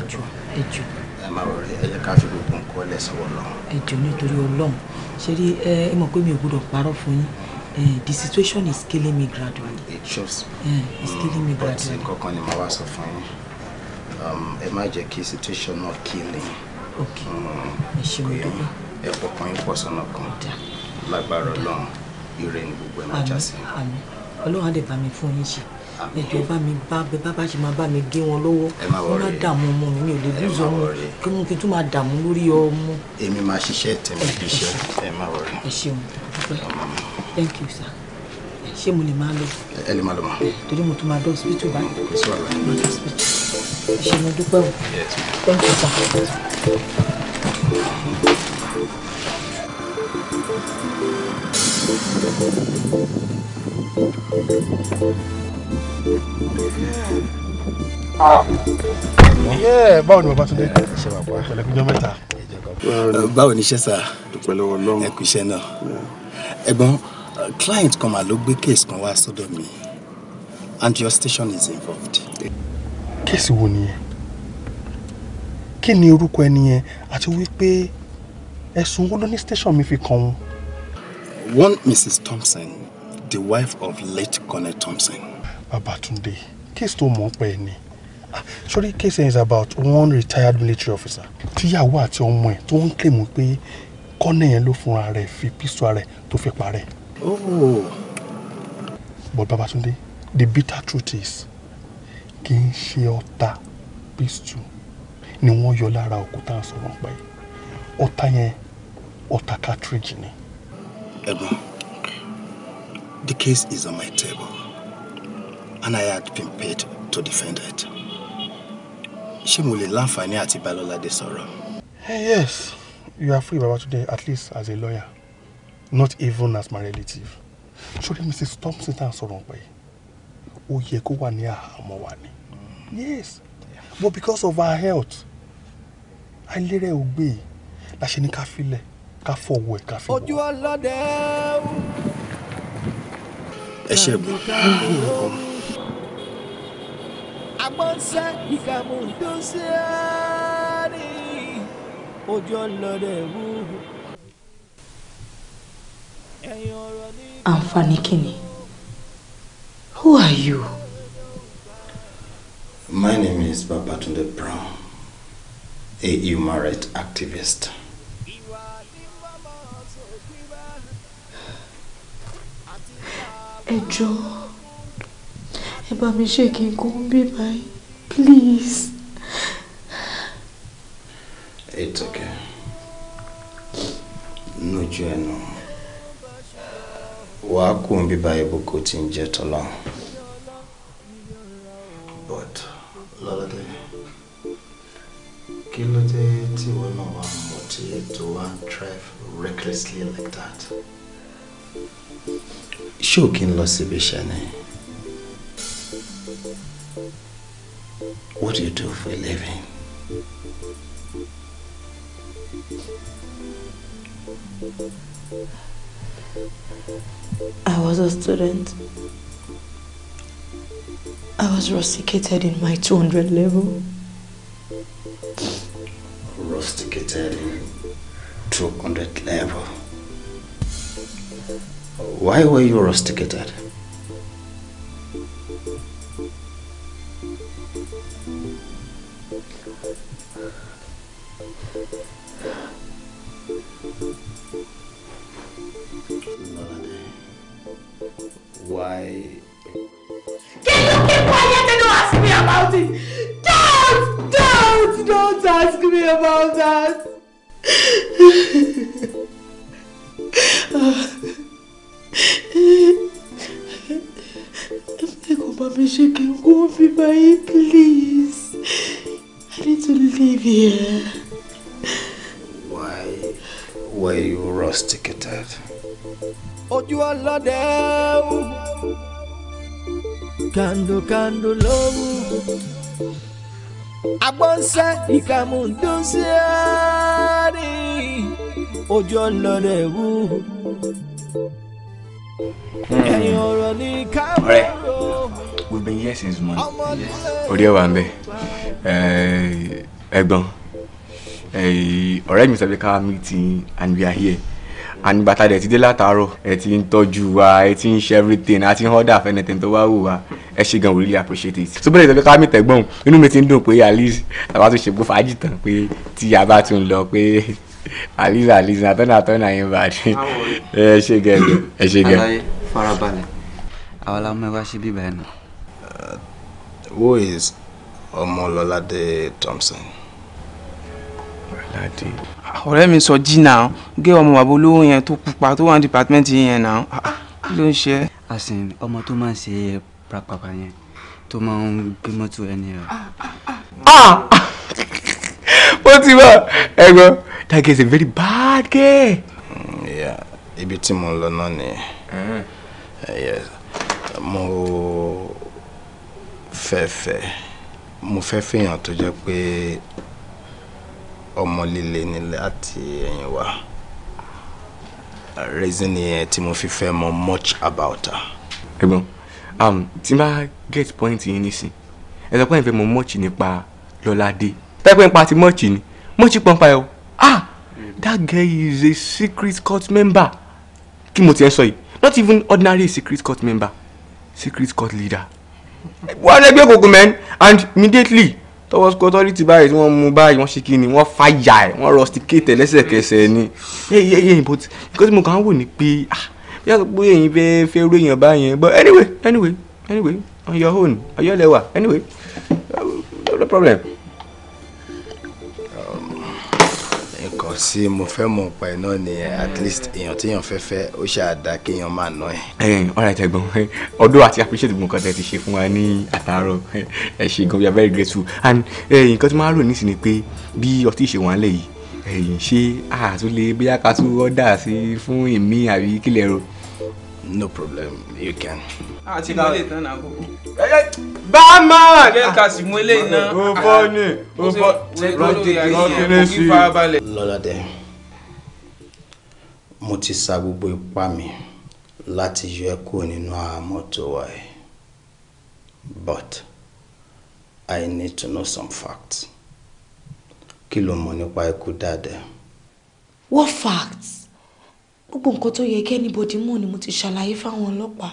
ẹ jù ẹ jù. ẹ má wọrí ẹ jẹ́ ká fi gbogbo nǹkan ẹ lẹ́sọ̀ọ́ ọlọ́run. ẹ jù nítorí ọlọ́run ṣe rí ẹ ẹ mọ̀ pé mi ò gbọ́dọ̀ parọ́ fún yín the situation is killing me gradually. it shows. Uh, it's mm, killing me gradually. but nǹkan kan ni mo wá sọ fún yín um, ẹ má jẹ́ kí situation náà killing. ok mm, ẹ ṣe mo dúpẹ́. ẹ pọ̀ kan yín pọ̀ sọ́nà kan lágbára ọlọ́run ire ni gbogbo ẹ̀ máa já sí. àmín ọlọ́run á lè bá mi fún yín ṣe ẹjọ ẹ bá mi bá bẹ bá bá ṣe máa bá mi gé wọn lọ́wọ́ wọn má dààmú ọmọ mi ò lè lùzọ ọmọ kí wọn kí n tún máa dààmú lórí ọmọ. èmi máa ṣiṣẹ́ tèmi iṣẹ́ ẹ má wọrí. ẹ ṣeun dúpẹ́ thank you sir ṣé mo lè máa lọ. ẹ lè máa lọ mọ. torí mo tún máa dọ́ hospital báyìí. kò sí wàhálà ní ọjọ́ hospital. ṣe mo dúpẹ́ o. thank you sir. Thank you báwo ni Babátúndé ṣe wà pa ẹlẹkùnjọ mẹ́ta. báwo ni iṣẹ́ sà ẹkú iṣẹ́ náà ẹ̀gbọ́n client kan mà ló gbé case kan wá sọ́dọ̀ mi and your station is involved. kéèsì wo nìyẹn kí ni orúkọ ẹni yẹn àti wípé ẹ̀sùn wo ló ní station mi fi kàn wọ́n. one Mrs Thompson the wife of late Colonel Thompson. Babatunde case tó mọ̀ ń pẹ́ ni ah, sori case is about one retired military officer tíyàwó àti ọmọ ẹ̀ tó ń claim pé kọ́nẹ̀ yẹn ló fúnra rẹ̀ fi písọ̀ rẹ̀ tó fi parẹ́. Oh. but Babatunde the bitter truth is kì í ṣe ọta písọ̀ ni wọ́n yọ lára òkúta sọ̀rọ̀ pẹ́ ọta yẹn ọta cartridge ni. ẹ̀gbọ́n the case is on my table and I had been paid to defend it. Ṣé mo lè láǹfààní àti Balọ́ládé sọ̀rọ̀? Eh, yes, you are free today, at least as a lawyer, not even as my relative. Surely, Mrs. Thompson tá à ń sọ̀rọ̀ pé ó yẹ kó wà ní Yes, yeah. but because of our health, I ò gbé be, that she ní ká filẹ̀ ká fọwọ́ ẹ̀ ká fi wọ́ akpọnsa ikamudosiari ojú ọlọdẹ wú. àǹfààní kìíní who are you. my name is Babatunde Brown a human rights activist. ẹ jọ̀ọ́ ẹ bá mi ṣe kí n kó ń bí báyìí please. It's okay. lójú ẹnu wàá kú ń bí báyìí bó kò ti ń jẹ tọ́lá. but lọ́lọ́dẹ kí ló dé tí ìwọ náà drive recklessly like that. ṣé o kí n What do you do for a living? I was a student. I was rusticated in my 200 level. Rusticated in 200 level? Why were you rusticated? Why? Can you keep quiet and don't ask me about it? Don't, don't, don't ask me about that. Ah. bá mi ṣe kí n kó fi báyìí please I need to live here. Why were you rusticated? Ojú ọlọ́dẹ ó kàndòkàndò lówó agbọ́nsẹ́ ìkàmù dùnsíárì ojú ọlọ́dẹ ó ọ̀rẹ́ we've been here since morning orí ẹ̀ wà ń bẹ̀ eh, ẹ̀gbọ́n eh, ọ̀rẹ́ mi sọ pé ká meeting and we are here and bàtà dẹ̀ ti dé látàárọ̀ ẹ ti ń tọ́jú wa ẹ ti ń ṣe everything àti ń order fẹ́nẹ̀tẹ̀ tó bá wù wá ẹ ṣe gan really appreciate it. so bẹ́ẹ̀ ni ká mi tẹ̀gbọ́n inú mi ti ń dùn pé at least àwa tún ṣe gbó fàájì tán pé tí a bá tún lọ pé aliza aliza atọ́nà atọ́nà yín bá dé ẹ ṣe gẹ̀ẹ́lú ẹ ṣe gẹ̀ẹ́lú. alaye farabalẹ̀ àwọn ọmọ ẹ wá sí bíbá ẹ who is ọmọlọ́ládé thompson. ọlọ́ládé. ọ̀rẹ́ mi sọ jí náà gé ọmọ bàbá olówó yẹn tó pupa tó wà ní dìpátímẹ́ǹtì yẹn náà ah, ah, kí ló ń ṣe. àsìn ọmọ tó máa ń ṣe pàpàpà yẹn tó máa ń gbé mọ́tò ẹni rẹ̀. Ah, ó ti bá ẹ̀gbọ́n that girl is a very bad guy. Mm, yeah ibi tí mo lọ náà uh-huh. eh, yes mo fẹ́ fẹ́ mo fẹ́ fẹ́yàn tó jẹ́ pé ọmọ líle ni láti ẹ̀yìn wa reason yẹn tí mo fi fẹ́ much about her. ẹ̀gbọ́n um, tí n bá get point yín nísìn ẹ sọ pé much, fẹ́ mọ much nípa Lọ́ládé táìpẹ́ nípa ti much ni much pọ́npa ẹ o that girl is a secret court member kí mo tiẹ̀ sọ yìí not even ordinary secret court member secret court leader wọn ẹgbẹ́ òkùnkùn mẹ́rin and immediately tọwọ́ sọ authority báyìí tí wọ́n mú báyìí wọ́n ṣe kí ni wọ́n fàyà ẹ̀ wọ́n rusticate ẹ̀ lẹ́sẹ̀kẹsẹ̀ ni yẹ́yẹ́yẹ́ but nǹkan tí mo kàn wò ni pé ah bí wọ́n sọ pé èyí fẹ́ fẹ́ rú èèyàn báyẹn but anyway anyway anyway on your own ọ̀yọ́ lẹ́wà anyway no problem. sí mo fẹ́ mọ̀ pa ẹ̀ náà ni at least èèyàn téèyàn fẹ́ fẹ́ ó ṣàdá kéèyàn máa ná ẹ̀. ọ̀rẹ́ ìjàgbọ́n ọdún àti appreciate gbogbo nǹkan tẹ́ ti ṣe fún wa ní àtàárọ̀ ẹ ṣé gan we very grateful and nǹkan tí máa ń rò nísìnyí pé bí ọtí ìṣe wà lẹ̀ yìí ṣé àtúnlé bóyá ká tún ọ́dà sí fún ìmí àbí kílẹ̀ ro. No problem, you can. Àti mọ́lẹ̀ tán náà kò. Bámán! Ilé kàsí mú ilé iná. O bọ́ ni, o bọ́ lọ́kẹ́lẹ́ sí i. Lọ́ládé, mo ti sa gbogbo ipá mi láti yọ ẹ́ kúrò nínú àhámọ́ tó wà ẹ́. But I need to know some facts. Kí ló mọ̀ nípa ikú dáadáa? What facts? gbogbo nǹkan tó yẹ kí anybody ni mo ti ṣàlàyé fáwọn ọlọ́pàá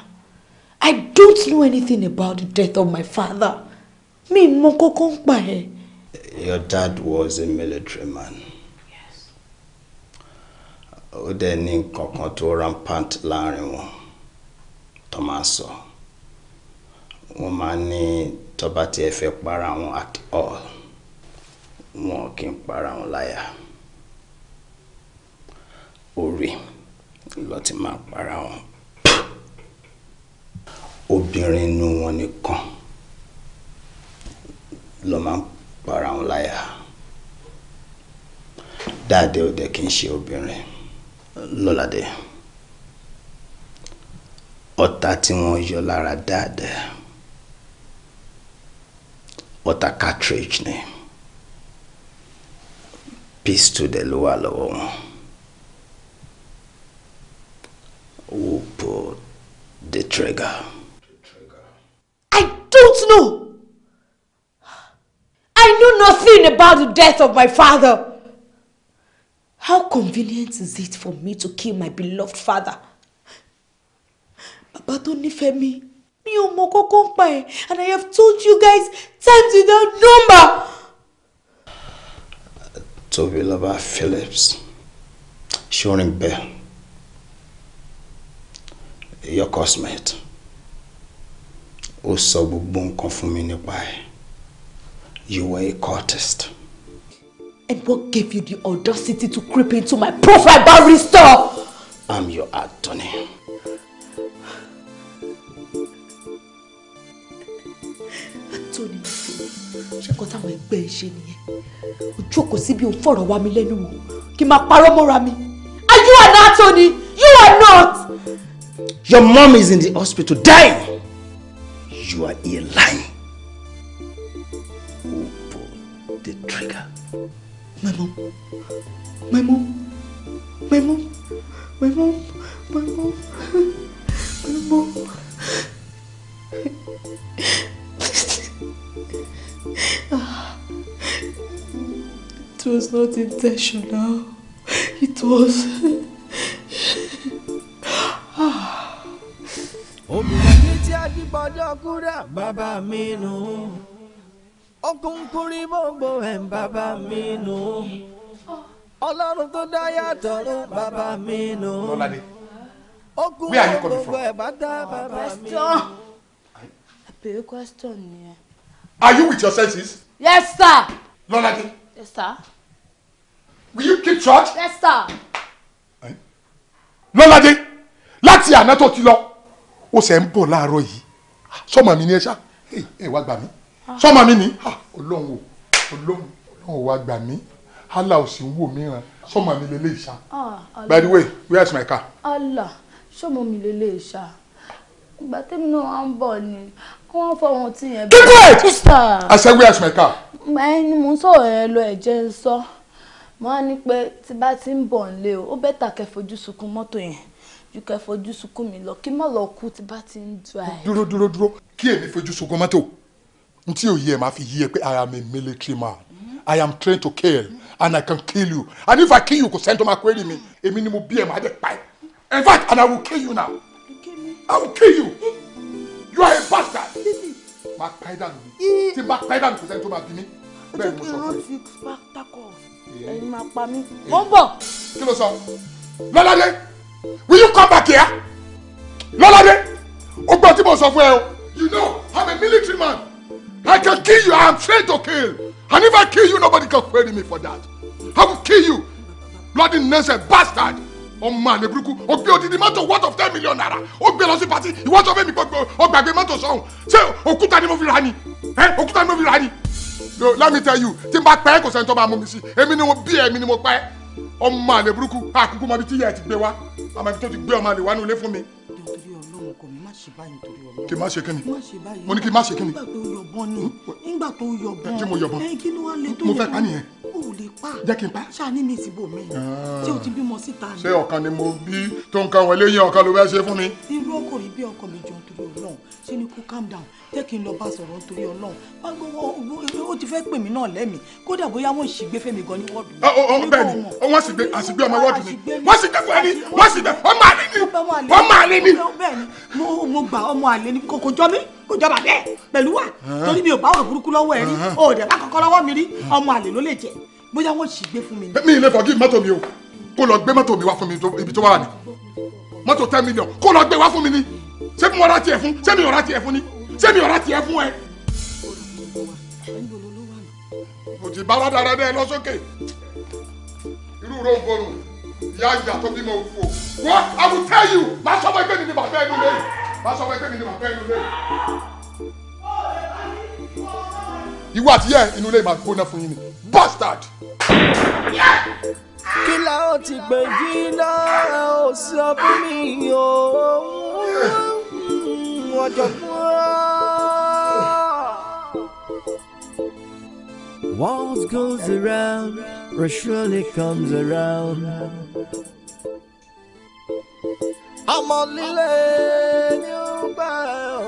I don't know anything about the death of my father mi mọ kókó ń pa ẹ. Your dad was a military man. Yes. ó dẹ̀ ní nǹkan kan tó rampant láàrin wọn tó máa sọ wọ́n máa ní tó bá tiẹ̀ fẹ́ para wọn at all wọn kì í para wọn láyà. orí lọ ti máa para wọn obìnrin inú wọn nìkan ló máa ń para wọn láyà dáadé òde kì í ṣe obìnrin lọ́ládé ọ̀tá tí wọ́n yọ lára dáadé ọ̀tá cartridge ni pistol dẹ̀ ló wà lọ́wọ́ wọn. who pulled the trigger. I don't know. I know nothing about the death of my father. How convenient is it for me to kill my beloved father? Bàbá tó me. mi, mi ò mọ and I have told you guys times without number. Toby Tobiloba Phillips, Shoring Bell your cosmet ó sọ gbogbo nǹkan fún mi nípa ẹ̀ you were a courtist. And what gave you the audacity to creep into my profile barrister? I'm your attorney. Attorney, ṣé kọ́ táwọn ẹgbẹ́ ẹ ṣe nìyẹn? Ojú òkò síbi òun fọ̀rọ̀ wá mi lẹ́nu wò kí n máa parọ́ mọ́ra mi. Are you an attorney? You are not! Your mom is in the hospital dying. You are here lying. Who pulled the trigger? My mom. My mom. My mom. My mom. My mom. My mom. it was not intentional. It was obìnrin tí adìbọjọ kúrà bàbá mi nù ọkùnkùnrin gbogbo ẹ̀ bàbá mi nù ọlọ́run tó dá yàtọ̀ ló bàbá mi nù ọkùnkùnrin gbogbo ẹ̀ bá bàbá mi nù. àbẹ̀wò question ni Are you with your senses? Yes, sir. Lọ́ládé. Yes, sir. Will you keep church? Yes, sir. Eh? Lọ́ládé láti àná tó ti lọ ó ṣe ń bọ̀ láàárọ̀ yìí sọmọ mi ni ẹ ṣá ẹ wá gbà mí sọmọ mi ni ah, ọlọ́run o ọlọ́run ọlọ́run wá gbà mí allah ò sì ń wò mí ràn sọmọ mi lè lè ṣá ah, by the way where is my car. allah sọmọ mi lè lè ṣá ìgbà tẹ́mi náà wà ń bọ̀ ni wọ́n fọwọ́n tí yẹn. keep quiet i said where is my car. ẹni mo ń sọ̀rọ̀ yẹn lọ ẹ̀jẹ̀ ń sọ mo á ní pé tí bá ti ń bọ̀ ń lé o ó bẹ́ẹ̀ tà kẹ́ fojú sunkún mọ́tò yẹn ju kẹ́ fojú sunkún mi lọ kí má lọ kú tí bá ti ń du àyè. dúró dúró dúró kí èmi fojú sunkún mọ́tò n tí ò yí ẹ̀ máa fi yí ẹ pé I am a military man mm-hmm. I am trained to kill and I can kill you and if I kill you kò sẹ́ni tó máa kó èrè mi èmi ni mo bí ẹ̀ máa dẹ̀ pa ẹ̀ in fact and I will kill you now I will kill you you are a bastard máa pa ẹ̀ dànù mi tí máa pa ẹ̀ dànù kò sẹ́ni tó máa bí mi bẹ́ẹ̀ mo sọ pé. ẹni máa pa mí. ó ń bọ̀. kí ló sọ lọ́ládé will you come back here lọ́ládé o gbọ́ tí mo sọ fún ẹ o. you know i'm a military man i can kill you i am trained to kill and if i kill you nobody can query me for that i will kill you bloody nonsense bastard ọmọ àlè burúkú o gbé odidi mọ́tò worth of ten million naira o gbé lọ sí pati ìwọ sọ fẹ́mi gbogbo o gbàgbé mọ́tò sọ̀hún ṣé òkúta ni mo fi rà ni ẹ òkúta ni mo fi rà ni. let me tell you tí n bá pẹ́ kò sẹ́ni tó máa mú mi sí èmi ni mo bí ẹ̀ èmi ni mo pẹ́ ọmọ àlè burúkú àkókò mọbi tí ìyá ẹ ti gbé wa àmọ́ ibi tó ti gbé ọmọ àlè wa ní fún mi dákun ọkọ mi má ṣe báyìí nítorí ọlọ́run. kí n má ṣe kíni mo ní kí n má ṣe kíni. nígbà tó yọ̀bọ̀n ni hm? nígbà tó yọ̀bọ̀n. ṣé mo yọ̀bọ̀n mo fẹ́ pa nìyẹn. o ò lè pa jẹ́ kí n pa. ṣáàní mi ti bò mí tí ah. o ti bímọ síta mi. ṣé ọ̀kan ni mo bí tó ń kan wọlé yẹn ọ̀kan ló fẹ́ ṣe fún mi. irú ọkọ yìí bí ọkọ mi jọ nítorí ọlọ́run ṣé ni kó calm down jẹ́ kí n lọ bá sọ̀rọ̀ nítorí ọlọ́run ó ti fẹ́ pè mí náà lẹ́mìí kódà bóyá wọ́n ṣìgbé fẹ́mi gan ní wọ́ọ̀dù. Ah, oh, oh, bẹ́ẹ̀ ni oh, wọ́n ṣìgbé àṣìgbé ọmọ wọ́ọ̀dù ni wọ́n ṣìgbé fún ẹni wọ́n ṣìgbé ọmọ àlè ni ọmọ àlè ni mo mo gba ọmọ àlè ni kò jọ mí kò jọba bẹ́ẹ̀ pẹ̀lú wa torí mi ò bá ọ̀rọ̀ burúkú lọ́wọ́ ẹ rí o dẹ̀ bá kọ́kọ́ lọ́wọ́ mi rí ọmọ àlè ló lè jẹ bóyá wọ́n sì gbé fún mi. mi ì lè fọ́ kí mọ́tò mi o kó lọ gbé mọ́tò mi wá fún mi ibi tó wà ní mọ́tò ten million kó lọ gbé wá fún mi ní ṣé mi ọ̀rá tiẹ̀ fún ṣé mi ọ̀rá tiẹ̀ fún ni ṣé mi ọ̀rá tiẹ̀ fún ẹ. òjì bá wà dára dẹ́ lọ sókè irú rongbòrò ìyá ìyá tó bímọ òkú o wọ́n I will tell you máa sọ fún ẹgbẹ́ mi ní bàbá ẹnu lẹ́yìn máa sọ fún ẹgbẹ́ mi ní bàbá ẹnu lẹ́yìn. ìwọ àti yẹ inú ilé máa gbóná fún yín ni bastard. kí la ó ti gbé jìnnà ó sọ fún mi o ọjọ́gbọ́n. Walls goes around, Rashuli comes around. I'm only letting you bow.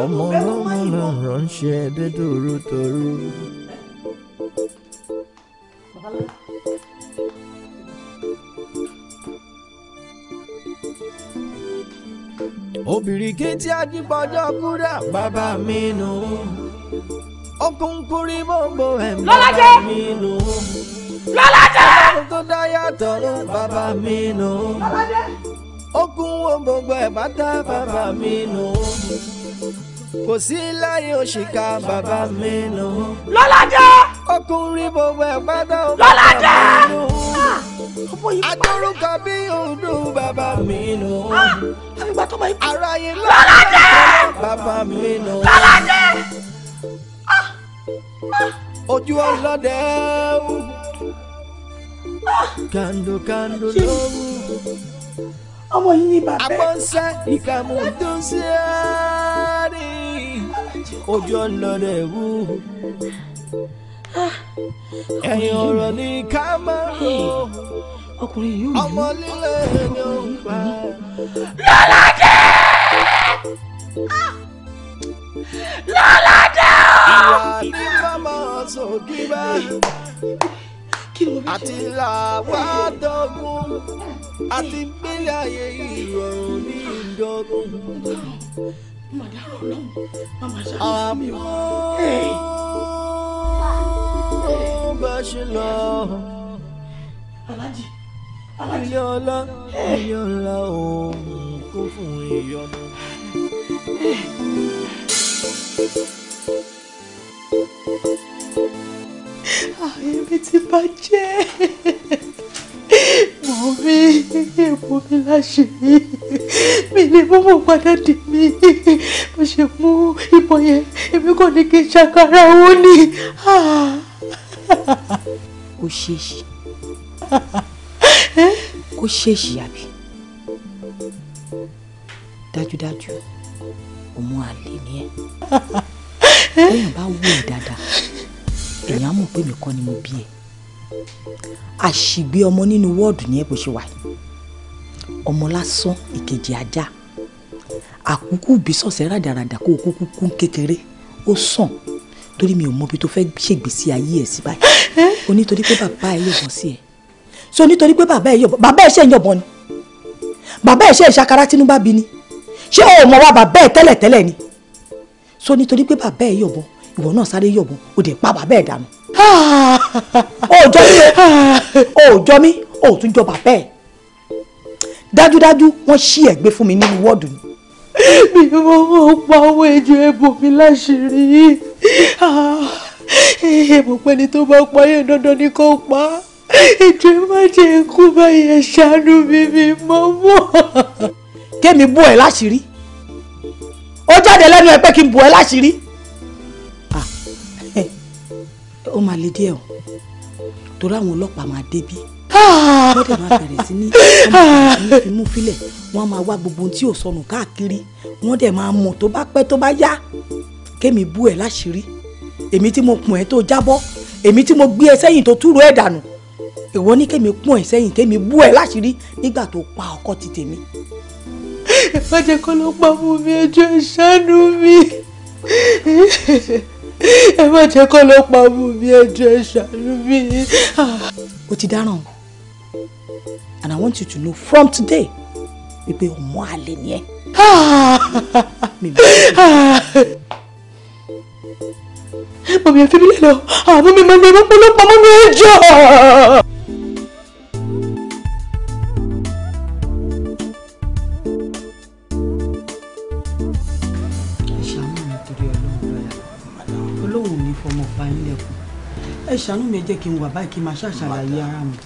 ọmọ run, náà ránṣẹ́ dé tòrótòró. obìnrin kìtì ajípọ̀jọ́ kúrà bàbá mi nù. Okunkunrin gbogbo ẹ̀ bàbá mi nù. Lọ́lájẹ́! Ọlọ́run tó dá yàtọ̀ ló bàbá mi nù. Lọ́lájẹ́! Okun wo gbogbo ẹ̀ bàtà bàbá mi nù. Kò sí láyé òṣìkà bàbá mi nù. Lọ́lájẹ́! Ọkùnrin gbogbo ẹ̀ pátá ah! ó bàbá mi nù. Adórúkọ ah! bí òdùn bàbá mi nù nígbà tó máa ń kú. ara yẹn lọ lọ́lájẹ́ bàbá mi nù. lọ́lájẹ́ ah! ah! ojú ọlọ́dẹ ń ah! kàndùkàndù ló ń. ọmọ yìí ni bàbá ẹ. àpọ́nsẹ́ ìkàmú dùn sí ẹ́ẹ́rì ojú ọlọ́dẹ wù ẹ̀yìn ọ̀rọ̀ ni ká máa rò ọkùnrin yìí ò ní. ọmọ líle ni ó ń fẹ́. lọ́ládé lọ́ládé o. ìwà ni màmá sògì bá àti làwa dọ́gbọ́n àti gbélé ayé ìrọ̀rùn ní ìdọ́gbọ́n. màdá ọlọ́run màmá bá ṣe lọ ilé ọlá ilé ọlá òun kún fún ìyọnu. Èmi ti bàjẹ́ mọ̀ mí èèmọ̀ mi láṣẹ mi lè mú mọ̀ padà dì mí mo ṣe mú ìbọn yẹn èmi kò ní kí n ṣàkàrà owó ni. Ah. Ó ṣe é ṣe kó ṣèṣì àbí dájúdájú ọmọ àlè ni ẹ lẹ́yìn bá wù ẹ́ dáadáa èèyàn á mọ̀ pé mi kọ́ ni mo bí ẹ àṣìgbé ọmọ nínú wọ́ọ̀dù ni ẹ bó ṣe wà yìí ọmọ lásán ìkejì ajá àkúkú bí rádaràdà kó o kúkú kú kékeré ó sàn torí mi ò mọ ibi tó fẹ́ ṣègbésí ayé ẹ̀ sí báyìí o pé bàbá ẹ yọ̀bọ̀ sí ẹ so nítorí pé bàbá ẹ yọ̀bọ̀n bàbá ẹ ṣe yọ̀bọ̀n ni bàbá ẹ ṣe ìṣakara tínúbà bí ni ṣé o mọ̀ wá bàbá ẹ tẹ́lẹ̀tẹ́lẹ̀ ni so nítorí pé bàbá ẹ yọ̀bọ̀n ìwọ náà sáré yọ̀bọ̀n o dẹ̀ pa bàbá ẹ dànù. òòjọ́ mi òòjọ́ mi òòtún jọ bàbá ẹ dájúdájú wọ́n ṣí ẹ̀gbẹ́ fún mi nínú wọ́ọ̀dù ni mi mo mọ̀ pa owó ẹjọ́ ẹ̀bù mi láṣìírí ẹ̀bù ah, pẹ́ni tó bá pa yẹn dandan ni kò pa á ètò ẹ má jẹ kú báyìí ẹ ṣàánú mi mi mọ mọ. kémi bú ẹ láṣìírí ó jáde lẹ́nu ẹ pé kí n bú ẹ láṣìírí. Ah, ó máa le díẹ̀ o torí àwọn ọlọ́pàá máa débí ah! wọ́n dẹ̀ máa bẹ̀rẹ̀ sí ní ìfimú filẹ̀ wọ́n máa wá gbogbo ohun tí ò sọnù káàkiri wọ́n dẹ̀ máa mọ̀ tó bá pẹ́ tó bá yá kémi bú ẹ láṣìírí èmi tí mo pọ̀n ẹ́ tó jábọ́ èmi tí mo gbé ẹ sẹ́yìn tó túrò ẹ̀ dànù ìwọ ní kémi pọ́n ẹ̀ sẹ́yìn kémi bú ẹ̀ láṣìírí nígbà tó pa ọkọ ti tèmi. má jẹ́ ló pa fún mi ẹjọ́ ìṣàánú mi ẹ má ló pa fún mi ẹjọ́ ìṣàánú mi. o ti dáràn and I want you to know from today wípé ọmọ àlè ni ẹ. Ah! mọ̀mí ẹ fi mí lẹ́lọ àwọn mọ̀mí mọ̀mí ẹ lọ́pọ̀lọpọ̀ mọ̀mí ẹ jọ. ẹ ṣàánú mi ẹ jẹ́ kí n wà báyìí kí n máa ṣàṣàlàyé ara mi.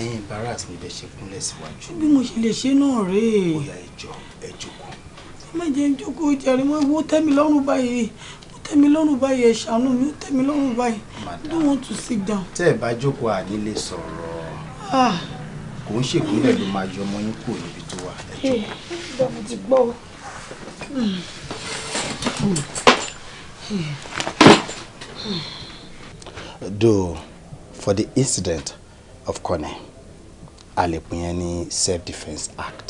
ẹ̀yin barat ni ibẹ̀ ṣe kúnlẹ̀ síwájú. bí mo ṣe lè ṣe náà rèé. ó yá ẹ jọ̀ọ́ ẹ jókòó. ẹ má jẹ́ ń jókòó jàre mọ́ owó tẹ́mi lọ́rùn báyìí tẹ́mi lọ́rùn báyìí ẹ ṣàánú mi ó tẹ́mi lọ́rùn báyìí I don't want to sit down. tẹ́ ẹ bá jókòó àní lè sọ̀rọ̀ ah. kò ń ṣèkúnlẹ̀ ló máa yọ ọmọ yín kúrò níbi tó wà ẹ jókòó. ìgbà Though for the incident of Kone, a lè pín yẹn ní self-defense act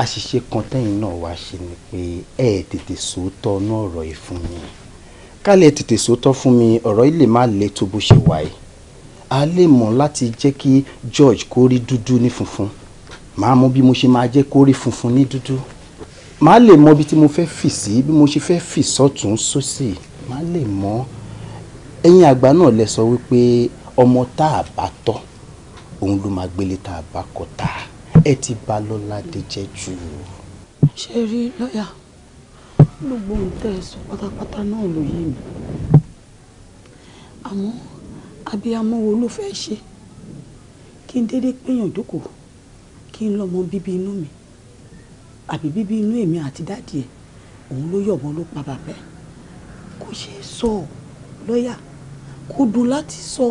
àṣìṣe kan tẹ́yìn náà wá ṣe ni pé ẹ tètè sòótọ́ ní ọ̀rọ̀ yìí fún mi ká lè tètè sòótọ́ fún mi ọ̀rọ̀ yìí má le tó bó ṣe wáyé a lè mọ̀ láti jẹ́ kí George kó rí dúdú ní funfun màá mọ bí mo ṣe máa jẹ́ kó rí funfun ní dúdú màá lè mọ ibi tí mo fẹ́ fì sí bí mo ṣe fẹ́ fì sọ́tún sósì màá lè mọ ẹ̀yin àgbà náà lẹ sọ wípé ọmọ tá a bá tọ́ òun ló máa gbélé tá a bá kọ́ tá a ẹ ti bà Lọ́ládé jẹ́ jù. ṣe rí lọ́yà gbogbo ohun tẹ́ ẹ sọ pátápátá náà ló yé mi àmọ́ abiyamọ wo ló fẹ́ ṣe kí n déédéé péyàn jókòó kí n lọ́mọ bíbí inú mi àbí bíbí inú èmi àti dáàdì ẹ̀ òun ló yọ̀bọ̀n ló pa bàbá ẹ̀ kò ṣeé sọ lọ́yà kò dùn láti sọ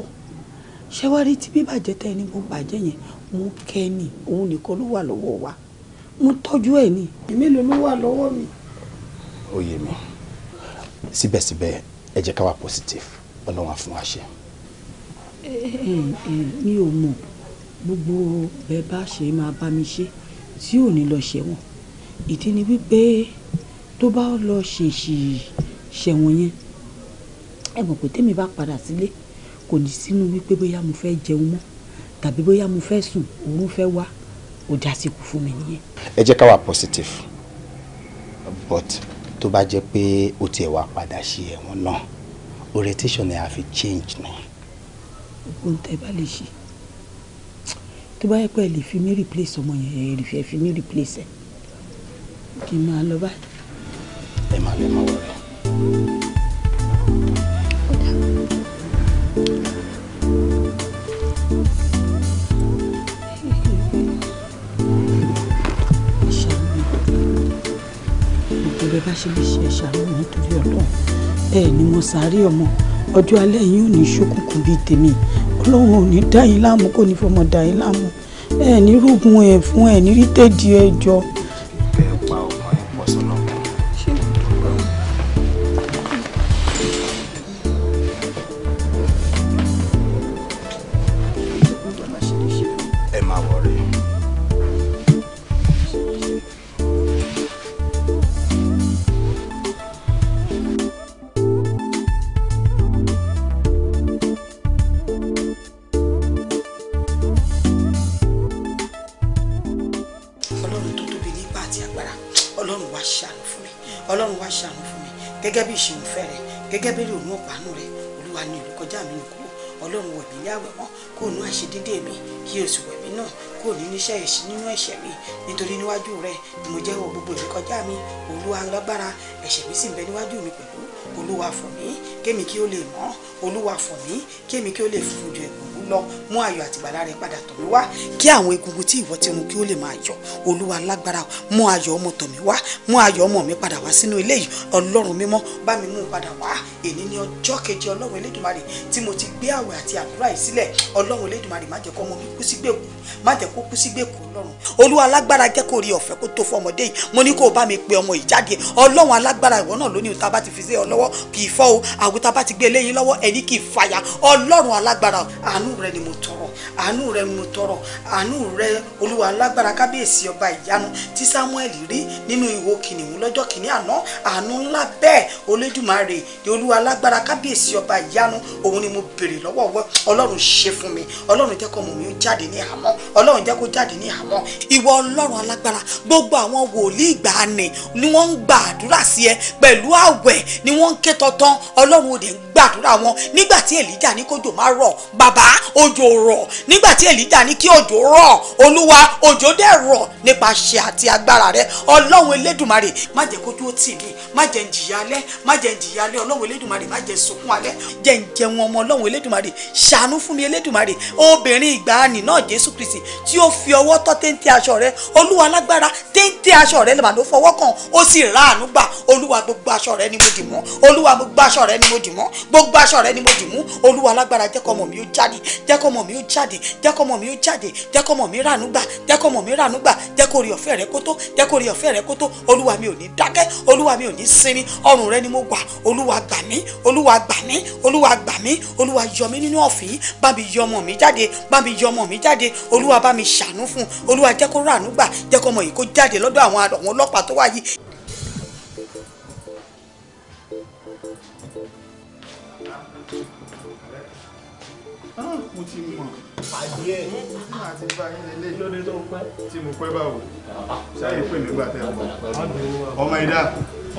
ṣẹ́wárí tí bíbàjẹ́ tẹ́ ẹni gbogbo àjẹ́ yẹn mo kẹ́ ni òun nìkan ló wà lọ́wọ́ wa mo tọ́jú ẹ̀ ni mélòó ló wà lọ́wọ́ mi. ó yé mi síbẹ̀síbẹ̀ ẹ jẹ́ ká wà positive ọlọ́run á fún wa ṣe. Hmm, hmm, mi ò mọ̀ gbogbo bẹ bá ṣe máa bá mi ṣe tí ò ní lọ ṣẹ̀wọ̀n ìdí ni wípé tó bá lọ ṣèṣì ṣẹ̀wọ̀n yẹn ẹ mọ̀ pé tèmi bá padà sílé kò ní sínú wípé bóyá mo fẹ́ jẹun mọ́ tàbí bóyá mo fẹ́ sùn oorun fẹ́ wá ó já sí kú fún mi nìyẹn. ẹ jẹ́ ká wà positive but tó bá jẹ́ pé ó tiẹ̀ wá padà ṣe ẹ̀wọ̀n náà orientation ni a fi change ni. ogun tẹ bá lè ṣe tó bá yẹ pé ẹ lè fi mí replace ọmọ yẹn ẹ lè fi ẹ fi mí replace ẹ kí n máa lọ báyìí. ẹ máa lọ ẹ máa wọlé. bẹ́ẹ̀ bá ṣe lè ṣe ẹ̀ṣà nítorí ọlọ́run ẹ ní mo sáré ọmọ ọjọ́ alẹ́ yín ò ní ṣókùnkùn bíi tèmi ọlọ́run ò ní dá yín láàmú kò ní fọmọ dá yín láàmú ẹ ní rúgùn ẹ̀ fún ẹ ní rí tèdí ẹ jọ. kò ní níṣẹ́ ìṣí nínú ẹ̀ṣẹ̀ mi nítorí níwájú rẹ ni mo jẹ́wọ́ gbogbo ìrékọjá mi olúwa lágbára ẹ̀ṣẹ̀ mi sì ń bẹ níwájú mi pẹ̀lú olúwa fọ̀ mí kémi kí ó lè mọ́ olúwa fọ̀ mí kémi kí ó lè fún ojú ẹ̀gbọ́n lọ mú ayọ̀ àtìgbàlà rẹ padà tọ̀mí wá kí àwọn egungun tí ìwọ ti run kí ó lè máa yọ̀ olúwa lágbára mú ayọ̀ ọmọ tọ̀mí wá mú ayọ̀ ọmọ mi padà wá sínú ilé yìí ọlọ́run mímọ́ bá mi mú un padà wá èyí ni ọjọ́ keje ọlọ́run elédùnmarè tí mo ti gbé àwẹ̀ àti àdúrà yìí sílẹ̀ ọlọ́run elédùnmarè má jẹ́ kó ọmọ mi kú sí gbèkú má jẹ́ kó kú sí gbèkú ọlọ́run olúwa lágbára jẹ́ kó rí ọ̀fẹ́ kó tó fọmọdé yìí mo ní kó o bá mi pe ọmọ yìí jáde ọlọ́run alágbára ìwọ náà lónìí tá a bá ti fi sí ọ lọ́wọ́ kì í fọ́ o àgùntàn bá ti gbé eléyìí lọ́wọ́ ẹ̀ní kì í fàyà ọlọ́run alágbára àánú r àánú rẹ ni mo tọrọ àánú rẹ ni mo tọrọ àánú rẹ olúwa alágbára kábíyèsí ọba ìyanu tí samuel rí nínú ìwo kìnìún lọ́jọ́ kìnní àná àánú ńlá bẹ́ẹ̀ olódùmarè ni olúwa alágbára kábíyèsí ọba ìyanu òun ni mo béèrè lọ́wọ́ wọ ọlọ́run ṣe fún mi ọlọ́run jẹ́ kó mọ̀ mí ó jáde ní àmọ́ ọlọ́run jẹ́ kó jáde ní àmọ́ ìwọ ọlọ́run alágbára gbogbo àwọn wòlíì ìgbàanì ni wọ́n ń gba àdúrà sí ẹ pẹ̀lú àwẹ̀ ni wọ́n ń ké tọ́tán ọlọ́run ò dẹ̀ gbàdúrà wọn nígbà tí èlíjà ní kójò má rọ̀ bàbá òjò rọ̀ nígbà tí èlíjà ní kí òjò rọ̀ olúwa òjò dẹ̀ rọ̀ nípasẹ̀ àti agbára rẹ ọlọ́run elédùnmarè má jẹ́ kójú ó tì mí má jẹ́ ń jìyà alẹ́ má jẹ́ ń jìyà alẹ́ ọlọ́run elédùnmarè má jẹ́ sunkún alẹ́ jẹ́ ń jẹun ọmọ ọlọ́run elédùnmarè ṣàánú fún mi elédùnmarè obìnrin ìgbàanì náà jésù kristi tí ó fi ọwọ́ tọ́ téńté aṣọ rẹ olúwa alágbára téńté aṣọ rẹ lọ́màdó fọwọ́ kàn ó sì ráàánú gbà olúwa gbogbo aṣọ rẹ ni mo dì mọ́ olúwa gbogbo aṣọ rẹ ni mo dì mọ́ gbogbo aṣọ rẹ ni mo dì mú olúwa alágbára jẹ́ kọ́ ọmọ ó jáde jẹ́ kọ́ ọmọ mi ó jáde jẹ́ kọ́ ọmọ mi ó jáde jẹ́ kọ́ ọmọ mi rànú gbà jẹ́ kọ́ ọmọ mi rànú gbà jẹ́ kó rí ọ̀fẹ́ rẹ kó tó jẹ́ kó rí ọ̀fẹ́ rẹ kó tó olúwa mi ò ní dákẹ́ olúwa mi ò ní sinmi ọrùn rẹ ni mo wà olúwa gbà mí olúwa gbà mí olúwa gbà mí olúwa yọ mí nínú ọ̀fìn bá mi yọ ọmọ mi jáde bá mi yọ ọmọ mi jáde olúwa bá mi ṣàánú fún olúwa jẹ́ kó rànú gbà jẹ́ kọ́ ọmọ yìí kó jáde lọ́dọ̀ àwọn ọlọ́pàá tó wáyé Ah, mo ti mọ̀. pàdé ẹ̀. tí màá ti bá yín lélẹ̀. lóde tó pẹ́. tí mo pẹ́ báwo. sáyé pè mí gbà tẹ́ ọ. ọmọ ìdá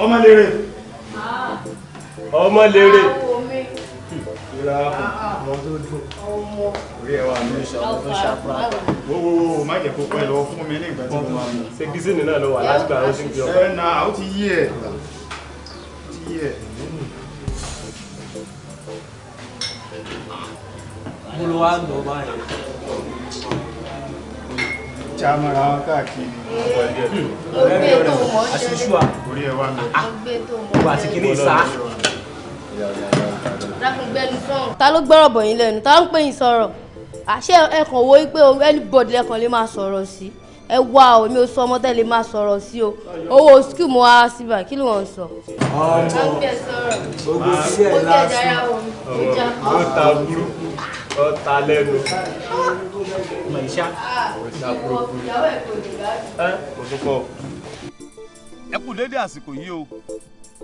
ọmọ lérè. Ah. ọmọ lérè. ìlà ah, ọmọ tó dùn. orí ẹwà mi ṣe ọmọ tó ṣàpá. wo wo wo má jẹ́ kó pẹ́ lọ fún mi ní ìgbà tí mo máa mú. ṣé gísìnì náà ló wà lásìkò àwọn tí ń fi ọkọ. ẹ na ó ti yí ẹ ti yí ẹ mo lọ wá ń lọ báyìí. tí a ah, mọ̀ra wọn káàkiri ọ̀rẹ́ mi ọ̀rẹ́ mi àṣìṣúà orí ẹ̀ wá mi. gbogbo àti kìíní sá. ta ló gbọ́rọ̀ bọ̀ yín lẹ́nu ta ló ń pè yín sọ̀rọ̀ àṣẹ ẹ̀kan wo pé ẹni bọ̀dì lẹ́kan lè máa sọ̀rọ̀ sí i ẹ wá o mi ò sọ ọmọ tẹ́lẹ̀ máa sọ̀rọ̀ sí o owó skul mo wá síbà kí ló ń sọ. ọmọ ogun sí ẹ lásán ọmọ ta burúkú ọta lẹ́nu. ọmọ ìṣá ọta burúkú ẹ kò tó kọ. ẹ kú dédé àsìkò yìí o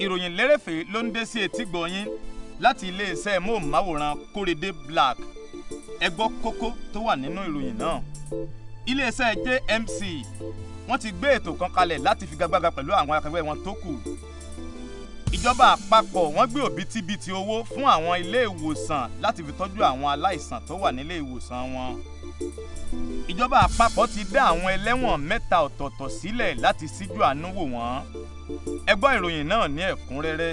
ìròyìn lérèfé ló ń dé sí etí gbọ̀nyín láti iléeṣẹ́ móhùnmáwòrán Kórèdé Black ẹ gbọ́ kókó tó wà nínú ìròyìn náà iléeṣẹ́ JMC wọ́n ti gbé ètò kan kalẹ̀ láti figagbága pẹ̀lú àwọn akẹgbẹ́ wọn tó kù ìjọba àpapọ̀ wọ́n gbé òbítíbitì owó fún àwọn ilé ìwòsàn láti fi tọ́jú àwọn aláìsàn tó wà nílé ìwòsàn wọn ìjọba àpapọ̀ ti dá àwọn ẹlẹ́wọ̀n mẹ́ta ọ̀tọ̀ọ̀tọ̀ sílẹ̀ láti ṣíjú àánú wò wọ́n ẹ gbọ́ ìròyìn náà ní ẹ̀kúnrẹ́rẹ́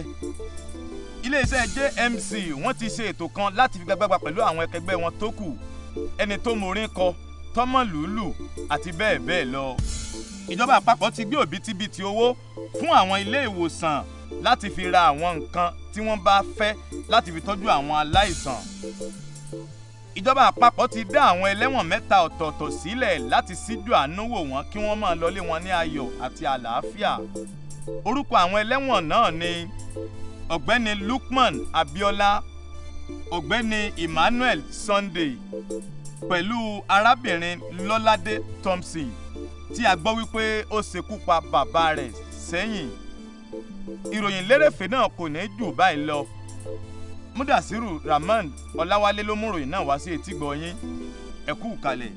iléeṣẹ́ JMC wọ́n ti ṣe ètò kan láti figagbága pẹ̀lú àwọn akẹgbẹ́ wọn tó kù ẹni tó morin kọ tọ́mọ̀ lùlù àti bẹ́ẹ̀ bẹ́ẹ̀ lọ. ìjọba àpapọ̀ ti gbé òbítíbitì owó fún àwọn ilé ìwòsàn láti fi ra àwọn nǹkan tí wọ́n bá fẹ́ láti fi tọ́jú àwọn aláìsàn. ìjọba àpapọ̀ ti dá àwọn ẹlẹ́wọ̀n mẹ́ta ọ̀tọ̀ọ̀tọ̀ sílẹ̀ láti síjú àánú wò wọ́n kí wọ́n máa lọlé wọn ní ayọ̀ àti àlàáfíà. orúkọ àwọn ẹlẹ́wọ̀n náà ni ọ̀gbẹ́ni Lukman Abiola ọ̀gbẹ́ni Emmanuel Sunday pẹ̀lú arábìnrin lọ́ládé thompson tí a gbọ́ wípé ó ṣekú pa bàbá rẹ̀ sẹ́yìn ìròyìn lérèfé náà kò ní jù báyìí lọ múdàsírù rahman ọláwálé ló mú ìròyìn náà wá sí etígbọ̀ yín ẹ kú kalẹ̀.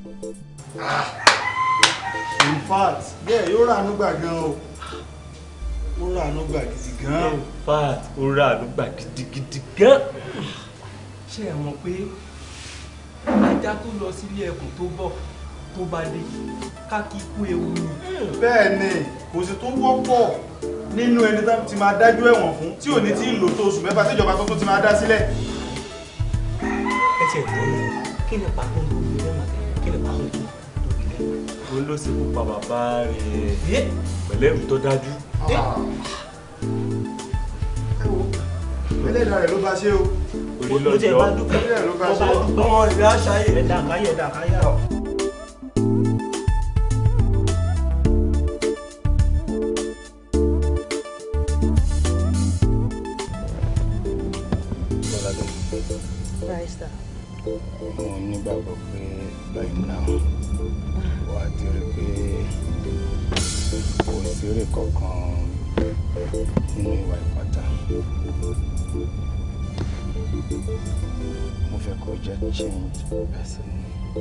in fact bẹ́ẹ̀ yóò ràánú gbà gan o ó ràánú gbà gidi gan. in fact ó ràánú gbà gidigidi gan. ṣé ẹ mọ̀ pé ajá tó lọ sílé ẹkùn tó bọ̀ tó bá dé ká kí kú ewu ni. bẹ́ẹ̀ ni kò sí tó wọ́pọ̀ nínú ẹni tó ti máa dájú ẹ̀wọ̀n fún tí ò ní tí ń lò tó oṣù mẹ́fà tíjọba tuntun ti máa dá sílẹ̀. ẹ ti ẹ̀ tọ́ kí ni pàtó ń lò ó kí ni pàtó ń lò ó òun ló ṣekú pa bàbá rẹ̀ pẹ̀lẹ́rù tó dájú eléyìí rẹ̀ ló bá ṣe o. olùlọ́jọ́ ó jẹ́ bá dúpẹ́ ọba dúpẹ́ wọn ìlú àṣàyè. ẹ̀dá àkáyé ẹ̀dá àkáyé ọ̀. Barrister. mo nígbàgbọ́ pé by now wà á ti rí pé kò sí èrè kankan nínú ìwà ìpátá mo fẹ́ kó jẹ́ change person pé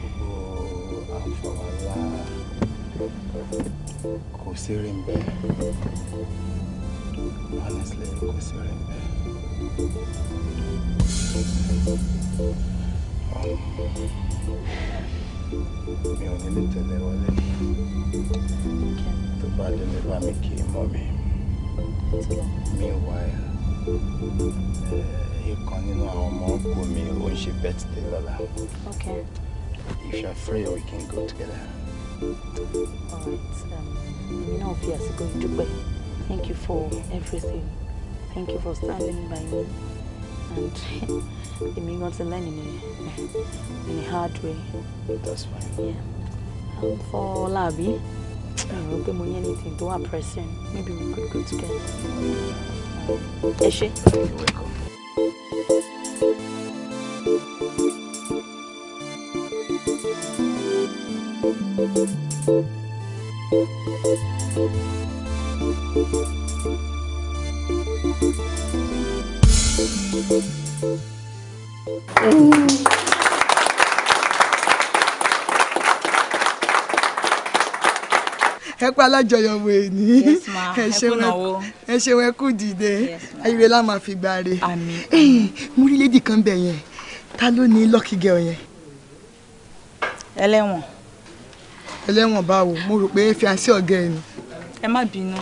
gbogbo àfọwọ́lá kò sí rí ń bẹ́ẹ̀ honestly kò sí rí ń bẹ́ẹ̀. mi ò ní lè wọlé tó bá délé bá mi kì í mọ́ mi meanwhile eh, you nínú àwọn mom ọkọ me when she ṣe the lọ́la. okay. if you're free we can go together. alright èmi um, náà going to ìdúpẹ́ thank you for everything thank you for standing by me and èmi gan ti lẹ́nu ni in a hard way. that's fine. Yeah. Um, for Labi rò pé mo anything tó wà pressing maybe we could go together. ẹ ṣé. alájọyọ̀ wo èní ẹ ṣeun ẹ kú dìde ayúwe la máa fi gbáre eh, mo rí lédi kan bẹ̀ yẹn ta ló ní lucky girl yẹn. ẹlẹ́wọ̀n. ẹlẹ́wọ̀n báwo mo rò pé fiancé ọ̀gá ẹ ni ẹ má bínú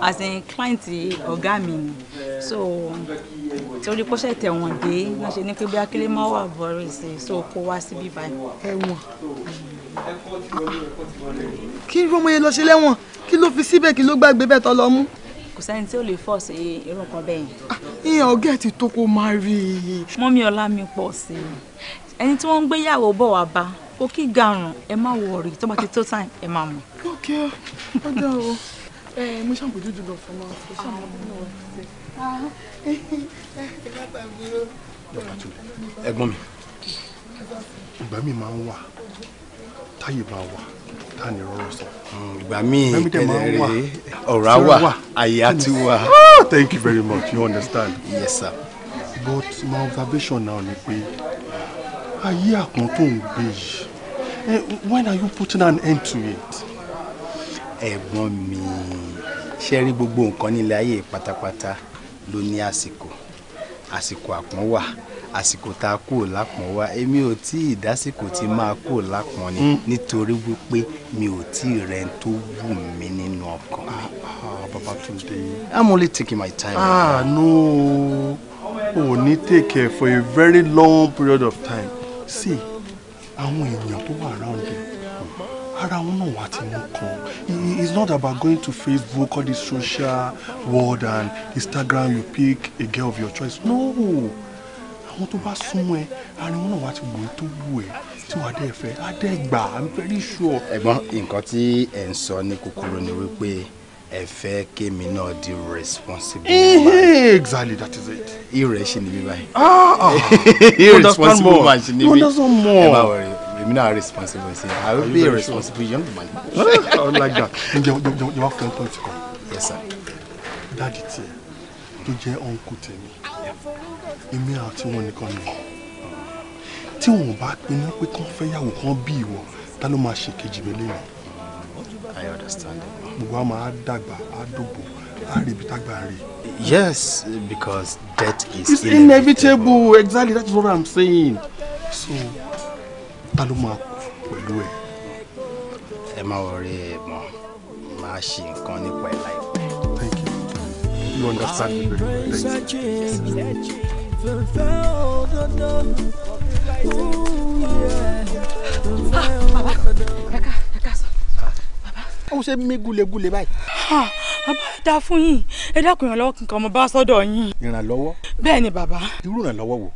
as in client ọ̀gá mi ni so torí pọ́ṣẹ̀ tẹ̀wọ̀n dé wọ́n ṣe ní pé bí akílẹ̀ máa wà bọ́ọ̀rẹ̀ sí so kó wá síbí báyìí. ẹ̀wọ̀n kí rọmọ yẹn lọ ṣe lẹ́wọ̀n kí ló fi síbẹ̀ kí ló gbàgbé bẹ́ẹ̀ tọ́ lọ mú. kò sẹ́ni tí ò lè fọ́ sí e, irú nǹkan bẹ́ẹ̀ yẹn. Ah, ìyẹn ọ̀gẹ́ ti tó kó máa rí i. mọ́mí ọlá mi pọ̀ sí i ẹni tí wọ́n ń gbéyàwó bọ̀ wá bá kò kí garun ẹ má wọrí tó bá ti tó time ẹ má mú. ókè ó dá o mo ṣàǹkó jújù lọ fún ọ mo ṣàǹkó jújù lọ fún ọ. ẹ̀gbọ́n mi ìgbà mi máa ń wà táyè bá wà tani rọrọ sọ. Hmm, ìgbà míì kẹlẹrẹ ọ̀rá wà àyè ti wà. Ah, thank you very much you understand. yes sir. but my observation now ni pé ayé àpọ́n tó ń gbé yìí when are you putting an end to it. ẹ̀gbọ́n mi ṣe rí gbogbo nǹkan nílé ayé pátápátá ló ní àsìkò àsìkò àpọ́n wà àsìkò tá a kúrò lápọ̀n wá èmi ò tí ì dásìkò tí máa kúrò lápọ̀n ni mm. nítorí wípé mi ò tí ì rẹ̀ tó wù mí nínú ọkàn mi. Ah, Babatunde. I'm only taking my time. ah no o oh, ní take care for a very long period of time. see àwọn èèyàn tó wà around there. ara wọn náà wà ti mú kan it's not about going to Facebook or the social world and Instagram you pick a girl of your choice no àwọn tó bá súnmọ́ ẹ àárín wọn náà wá ti wò ó tó wù ẹ tí wàá dẹ́ fẹ́ á gbà á very sure. ẹ̀gbọ́n nǹkan tí ẹ̀ ń sọ ní kúkúrú ni wípé ẹ fẹ́ kémi náà di responsible. Eh, eh, exactly that is it. irè ṣì ni bíbá yìí. irresponsible man ṣì ni bí ẹ bá wọrí èmi náà responsible sí i will be a responsible young man. like that ǹjẹ́ ǹjẹ́ wàá fún point kan. yes sir. dáàdi tiẹ̀ tó jẹ́ uncle tèmi èmi àti wọn nìkan ni tí wọn bá pinnu pé kí wọn fẹ́ yàwó kan bí ìwọ ta ló máa ṣe kejì mi lẹ́yìn. I understand. gbogbo a máa dàgbà á dògbò tágbà rí. yes because death is It's inevitable. inevitable exactly that's what I'm saying. so ta ló máa kú pẹ̀lú ẹ. ẹ má wọrí ẹ mọ máa ṣe nǹkan nípa ẹ láìpẹ́. thank you you understand me very well thank you fẹ́fẹ́ òdodo bàbá ẹ ká ẹ ká sọ bàbá. ó ṣe mí gúlegúle báyìí. bàbá dá fún yín ẹ dákun ìrànlọ́wọ́ kankan mo bá sọ́dọ̀ yín. ìrànlọ́wọ́. bẹ́ẹ̀ ni bàbá. irú ìrànlọ́wọ́ wo.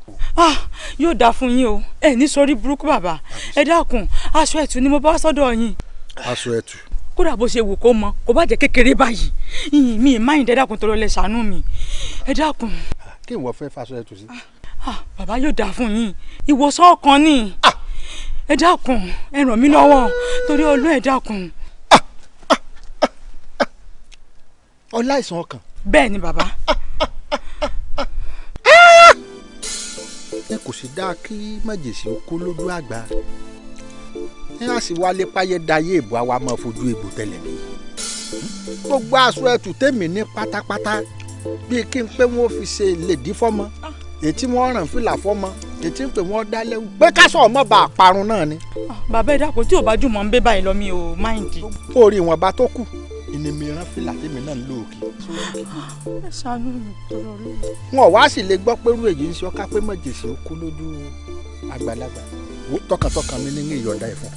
yóò dá fún yín o ẹ ní sórí burúkú bàbá ẹ dákun aṣọ ẹ̀tù ni mo bá sọ́dọ̀ yín. aṣọ ẹ̀tù kódà bó ṣe wù kó mọ kó bá jẹ kékeré báyìí yìnyín mi máa ń dẹ́dàkùn tó lọ lẹ ṣàánú mi ẹ dákun kí ìwọ fẹ́ faṣọ ẹ tù sí. Ah, ah, bàbá yóò dáa fún yín ìwòsàn ọkàn ni ah! ẹ dákun ẹ ràn mí lọ́wọ́ torí olú ẹ dákun. ọláìsàn ọkàn. bẹ́ẹ̀ ni bàbá. ẹ kò sì dáa kí májèṣe ó kó lójú àgbà ẹ á sì wálé páyé dayé ìbò àwa máa fojú egbò tẹlẹ mi gbogbo aṣọ ẹtù tèmi ní pátápátá bíi kí n pé wọn ò fi ṣe lèdí fọmọ ah. ètí wọn ràn fìlà fọmọ ètí ń pè wọn dálẹ gbé kásọ ọmọ bá parun náà ni. Ah, bàbá ẹ dàpọ̀ tí ò bá jùmọ̀ ń bẹ báyìí lọ mi ò máìndì. o wọn bá tó kù ìnìmìíràn fìlà tèmi náà ń lò òkè. Ah, ẹ ṣàánú mi tọrọ lóyún. wọn wá sì lè gbọ́ pé irú èyí ń ṣe ọká pé mọ̀jèṣì ó kú lójú àgbàlagbà tọkàntọkàn mi ní ìyọ̀ǹda ẹ̀fọn.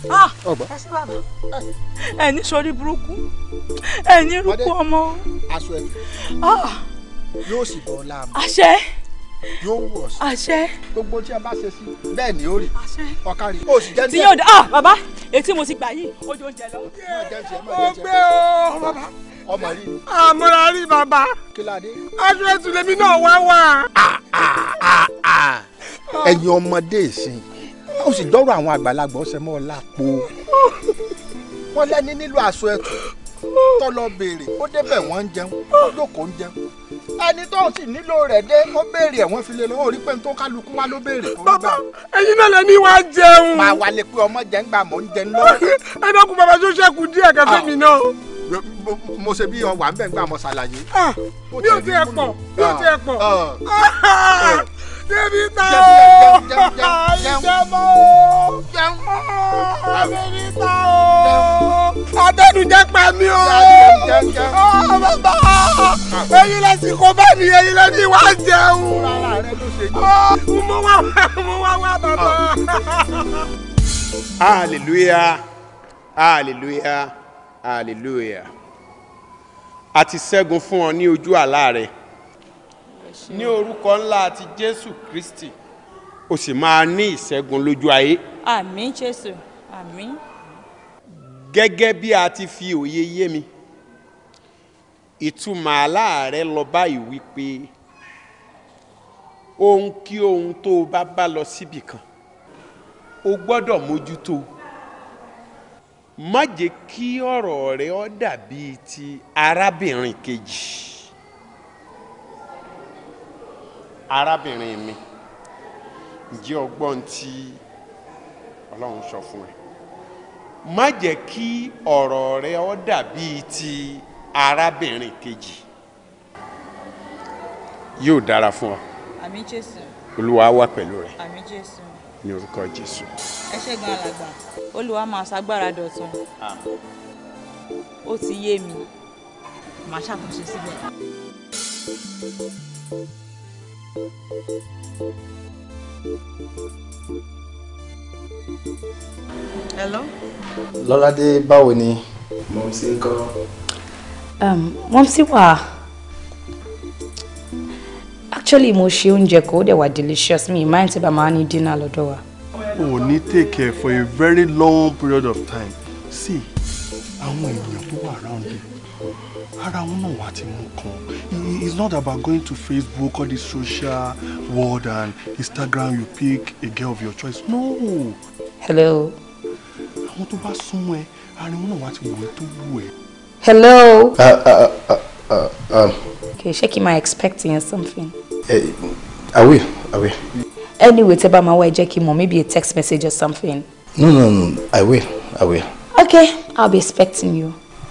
ẹ ní sọrí burúkú ẹ ní rúkú ọmọ. aṣọ ẹ yóò sì bọ́ láàmú. àṣẹ. yóò wù ọ́ sí. àṣẹ. gbogbo tí a bá ṣe sí bẹ́ẹ̀ ni ó rí. àṣẹ. ọ̀kárí o sì jẹ́ ní. tí yóò dá ah bàbá etí mo ti gbà yìí ojú oúnjẹ lọ. ó gbé o bàbá. ọmọ rí ni. àmúra ah, rí bàbá. kíládé. aṣọ ẹ̀sùn lèmi náà wá wà. Ah, ah, ẹ̀yin ọmọdé ìsìn ó sì dọ́rọ̀ àwọn àgbàlagbà ọ̀sẹ̀ mọ́ ọ lápò wọ́n lẹ́ni nílò aṣọ ẹ̀tù tó lọ béèrè ó débẹ̀ wọ́n ń jẹun ó ń jẹun ẹni tó sì nílò rẹ̀ dé ó béèrè ẹ̀wọ̀n fi lè e lọ́wọ́ orí pé tó kálukú wá ló béèrè kó gbà. bàbá ẹ̀yin náà lè ní wàá jẹun. màá wà lè pé ọmọ jẹ ń gbà mọ́ ń jẹ ń lọ. ẹ dákun bàbá tó ṣẹ́kù díẹ̀ kẹfẹ́ mi ah. náà. mo ṣe bí ọwà ń bẹ̀ ń gbà mọ́ ṣàlàyé. Ah, mi ò tiẹ̀ pọ̀ mi ò tiẹ̀ pọ̀ débi ta o ìjẹmọ o débi ta o adẹnujẹ pa mí o bàbá ẹ̀yin lẹ sì kó bá mi ẹ̀yin lẹ ní wá jẹun mo wá mo wá wá bàbá. hallelujah hallelujah hallelujah a ti ṣẹ́gun fún ọ ní ojú àlá rẹ̀ ní orúkọ ńlá àti jésù kristi o sì máa ní ìṣẹ́gun lójú ayé. àmín jésù àmín. gẹ́gẹ́ bí a ti fi òye yé mi ìtumọ̀ aláàárẹ̀ lọ báyìí wípé ohun kí ohun tó o bá bá lọ síbì kan o gbọ́dọ̀ mójútó má jẹ́ kí ọ̀rọ̀ rẹ ó dàbí ti arábìnrin kejì. arábìnrin mi ǹjẹ́ ọgbọ́n tí ọlọ́run sọ fún ẹ má jẹ́ kí ọ̀rọ̀ rẹ ọ dàbí ti arábìnrin kejì yóò dára fún ọ àmín oluwa olúwa wà pẹ̀lú rẹ àmín jésù ní orúkọ jésù. ẹ ṣẹ́gun alàgbà olúwa máa ṣàgbára dọ̀tun ó ti yé mi màá ṣàtúnṣe síbẹ̀. thank you Hello. Lola de ni? Mọ̀mísí ń kọ́. Um, Mọ̀mísí wà. Actually mo ṣe They were ó dẹ̀ wà delicious mi ìmáyìn tí bàmá ní dinner lọ́dọ̀ Oh, O take care for a very long period of time. See, àwọn èèyàn tó wà around you ara wọn náà wà á ti mú kan it's not about going to Facebook or the social world and Instagram you pick a girl of your choice no. hello. àwọn tó bá súnmọ́ ẹ ara wọn náà wà á ti wò ẹ tó wù ẹ. hello. Uh, uh, uh, uh, um. okay ṣé kí n máa expect yẹn something. Uh, I will I will. anyway tẹ́ bá máa wá ẹ jẹ́ kí n mọ̀ maybe a text message or something. no no no I will I will. okay I'll be expecting you.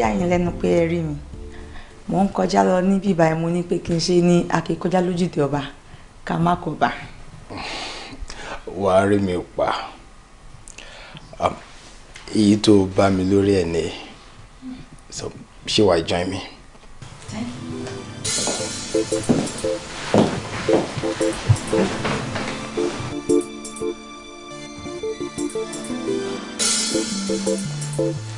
yà yín lẹ́nu pé ẹ rí mi mò ń kọjá lọ ní bíbá ẹ mo ní pé kí n ṣe ní akíkọjá lójúde ọba ká má kọ bá. wàá rí mi pa um, èyí tó bá mi lórí ẹ̀ ni ṣé wàá join mi. Thank you.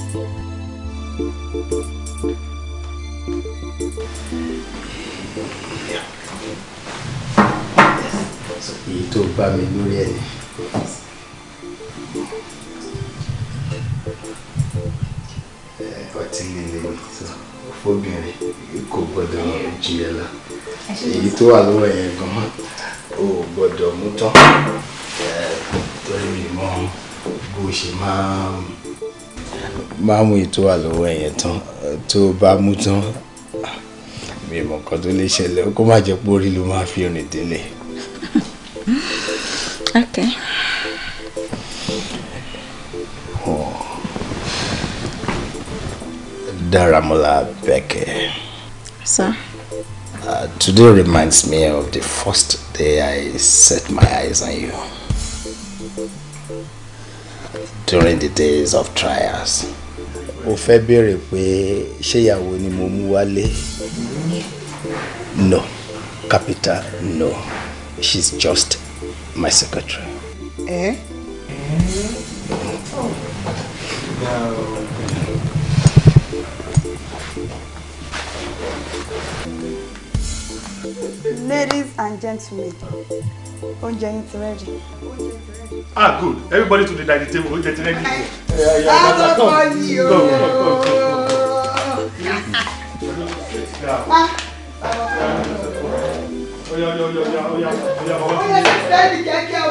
èyí tó bá mi lórí ẹ̀ ni. ọtí líle ni fóbìnrin kò gbọ́dọ̀ jìyà la èyí tó wà lọ́wọ́ yẹn gan ò gbọ́dọ̀ mú tán torí mi mọ bó ṣe máa máa mú ètò wà lọ́wọ́ tán tó bá mú tán mi ò mọ nǹkan tó lè ṣẹlẹ̀ kó má jẹ́ pé orí ló máa fi rìn délẹ̀. Daramola Beke. Sir? Uh, today reminds me of the first day I set my eyes on you. During the days of trials o fẹ́ béèrè pé ṣé ìyàwó ni mo mú wálé no capital no she's just my secretary. Eh? Oh. Ladies and gentlemen oúnjẹ yín ti rẹ́dì. ah good everybody to the dining table oúnjẹ ti rẹ́dì. alọ́kọ̀ yìí o. Oya oya oya oya oya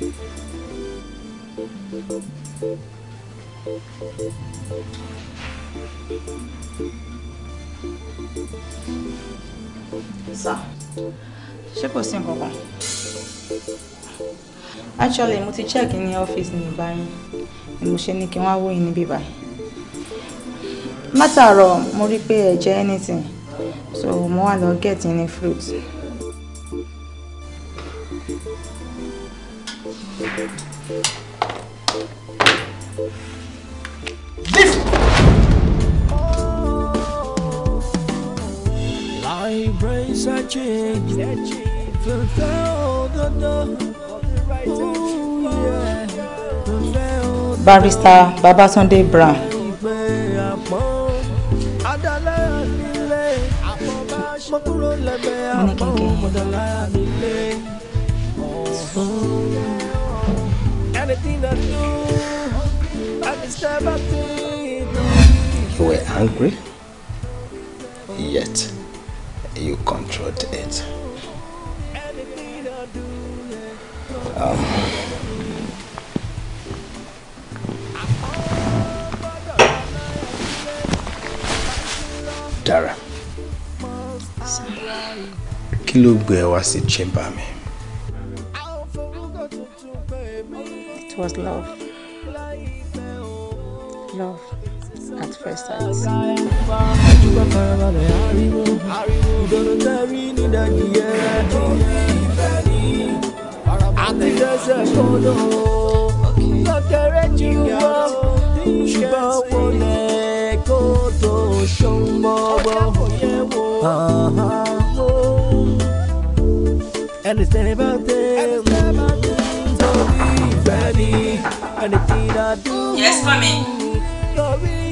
Thank you sá ṣé kò sí nǹkan kan actually mo ti check ní ọ́fíìsì ní ìbáyín ni mo ṣe ní kí wọ́n á wòye níbí báyìí látàárọ̀ mo rí pé ẹ anything so mo wá lọ get any fruit. searching, fẹ́fẹ́ òdodo. Barrister Babatunde Brown. You were angry, yet you controlled it. Um, Dara. Kí ló gbé ẹ chamber me. It was love. Love at first sight bá farabalẹ̀ ariwo ìdọ̀nà tẹ́rí ní dàgìyẹ àti dẹ́sẹ̀ kọ́nà lọ́kẹ́rẹ́ jù wá ṣùgbọ́n wọn lẹ̀ kó tó ṣọmọ́ bọ́. ẹni tẹ́lẹ̀ Yes, come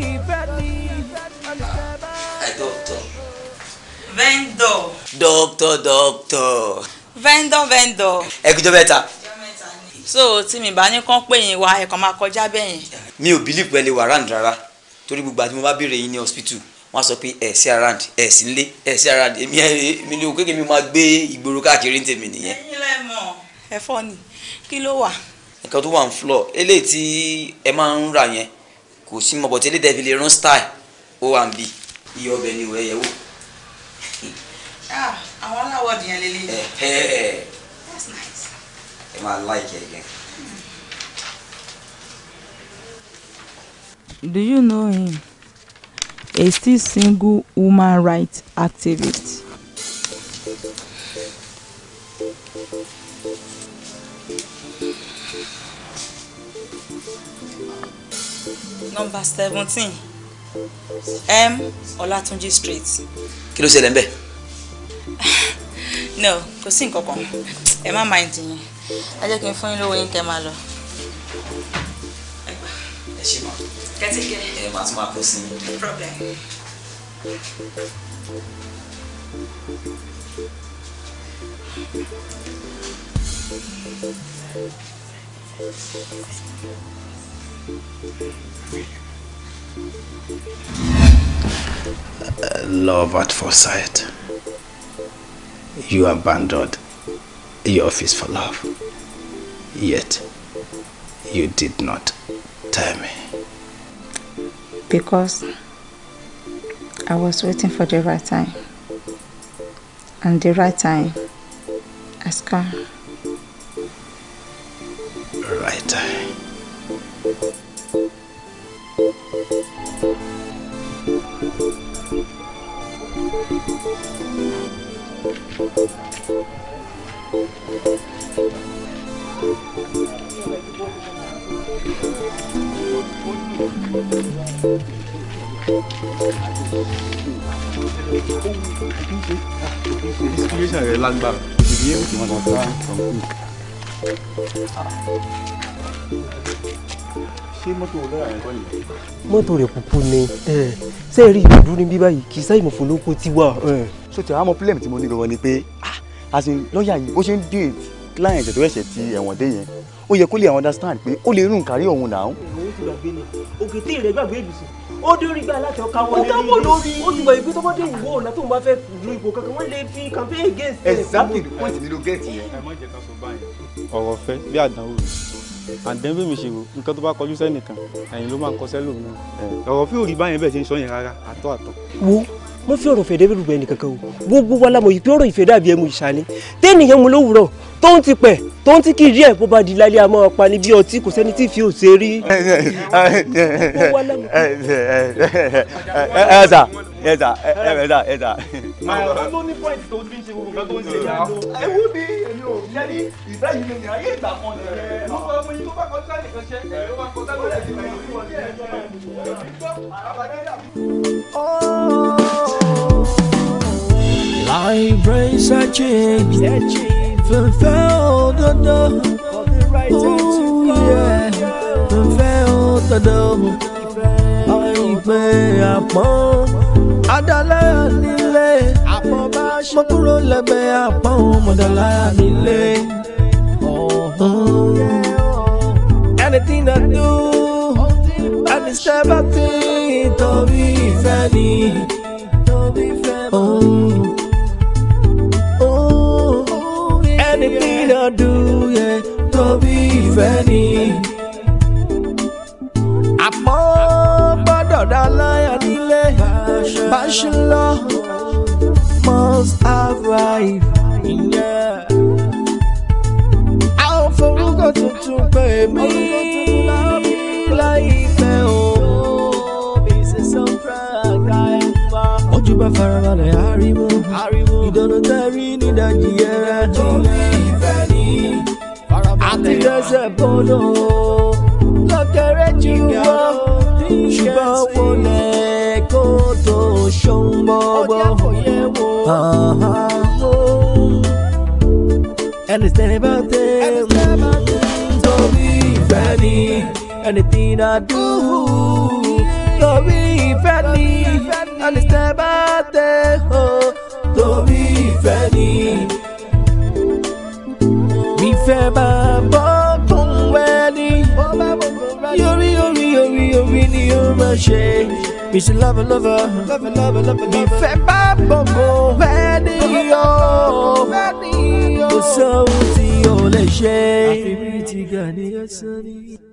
Vendo doctor doctor. vendo vendo ẹ kújọ mẹ́ta. so tí mi bá ní kán pè yín wá ẹ̀kan máa kọjá bẹ́yìn. mi ò believe pé ẹ lè wà round rárá torí gbogbo àti mo bá béèrè yín ní hospital wọ́n sọ pé ẹ sí around ẹ sí nílé ẹ sí around èmi èmi lè kéèké mi máa gbé ìgboro káàkiri ní tèmi nìyẹn. ẹ̀yin lẹ mọ̀ ẹ̀fọ́ ni kí ló wà. nǹkan tó wà ń flọ eléyìí tí ẹ máa ń rà yẹn kò sí mọ̀ bọ̀tẹ́lẹ̀ tẹ́ fi lè rán style o and b iye ọbẹ̀ ni ìwẹ̀ yẹ̀ wò. Ah, àwọn aláwọ̀ dìyàn lélẹ̀. Eh, eh, eh, that's nice. ẹ máa like ẹ again. Hmm. do you know him? a still single woman rights activist. number seventeen m Ọlátúnjí street. kí ló ṣẹlẹ̀ ń no kò sí nǹkan kan ẹ má mind yín ẹ jẹ́ kí n fún yín lówó yín kẹ́ máa lọ. ẹ ṣe mọ kẹtíkẹ ẹ máa tún máa kó sí i. problem. love at first sight you abandoned your office for love. Yet, you did not tell me. Because I was waiting for the right time. And the right time has come. Right time. distribution rẹ lágbára ìdílé èkó wọn lọ sá kọ̀ǹkì. ṣé mọ́tò olóra rẹ kọ́ nìyẹn. mọ́tò rẹ̀ pupa ni ṣé rí ìdúró ní bíbá yìí kì í sáyìn fún lóko tí wà. so tí àwọn ọmọ pílẹ̀mù tí mo ní Ah, ni pé ah, lọ́ọ̀yà yìí ó ṣe ń dé client tó ẹ̀ṣẹ̀ ti ẹ̀wọ̀n dé yẹn Oh, yẹ kó lè understand pé ó lè rún kárí òun náà ti gbàgbé ni òkè tí ìrẹ́ gbàgbé ìbùsùn ó dé orí gbà láti ọkà wọlé ní ọkà lórí ó ti mọ ìgbé tó bá dé tó ń bá fẹ́ lu ipò kankan wọ́n lè fi campaign against ẹ̀ exactly the point nínú gẹ̀ẹ́tì yẹn. ọ̀rọ̀ fẹ́ bí àdánwò rẹ̀ àdánwò mi ṣe wò nǹkan tó bá kọjú sẹ́nìkan ẹ̀yìn ló máa kọ sẹ́lòmíràn ọ̀rọ̀ fí òrí báyẹn bẹ́ẹ̀ ṣe ń sọ yẹn rárá àtọ́ àtọ́. wo mo fi ọ̀rọ̀ ìfẹ́ dẹ́bẹ̀rù bẹ́ẹ̀ nìkankan o gbogbo wa la mọ̀ yìí pé ọ̀rọ̀ ìfẹ́ dàbí ẹmu ìṣàní tẹ́nìyàn mu lówùrọ̀ tó ń ti pẹ̀ tó ń ti kí rí ẹ̀ bó bá di lálẹ́ àmọ́ ọ̀pá ní bí ọtí kò sẹ́ni tí fi ò ṣe rí. ẹ ẹ̀sà ẹ̀sà ẹ̀sà ẹ̀sà. ló ní pọ́ìntì tó ti ń ṣe gbogbo tó ń ṣe yá lọ. ẹ wú mi èmi ò ṣe ní ìfẹ́ yìí ni ayé ìgbà kan nìyẹn. mo fọ ọmọ yìí tó bá kọjá nìkan ṣe ẹ̀ ló máa kọjá lọ́dẹ̀ sí mi láì bẹ́ẹ̀ ṣàjèjì fẹ́fẹ́ I fẹ́fẹ́ òdodo àìpẹ́ àpọ́n adalára nílé mo kúrò lẹ́gbẹ̀ẹ́ àpọ́n mọ̀dálára nílé. Oh. Anything I do, any step I take, torí ìfẹ́ ni. Oh. kí ló dùn yẹ tóbi ìfẹ́ ni. àmọ́ gbọ́dọ̀ dá láyà nílé bachelor must have wife. a ò forúkọ tuntun pè mí láìpẹ́ o. ojú bá farabalẹ̀ ariwo ìdáná tẹ́rí nídàjí ẹ̀rẹ́ jìnlẹ̀ àti tẹsẹ̀ bọ́lọ̀ lọ́kẹ̀rẹ́ jù wọ́ ṣùgbọ́n kò lẹ̀ kó tó ṣòun gbọ́gbọ́. ẹni tẹ́lẹ̀ bá tẹ́ torí ìfẹ́ ni ẹni tí na dùn torí ìfẹ́ ni ẹni tẹ́lẹ̀ bá tẹ́ oh, torí ìfẹ́ ni fẹ́ bàbá ògùn wẹ́ẹ́lì yorí yorí yorí yorí ni ó máa ṣe mi ṣe lọ́bọ̀ lọ́bọ̀ mi fẹ́ bàbá ògùn wẹ́ẹ́lì yóò kò sóhun tí yóò lè ṣe. àfi mi ti gà ní ẹsẹ̀ ni.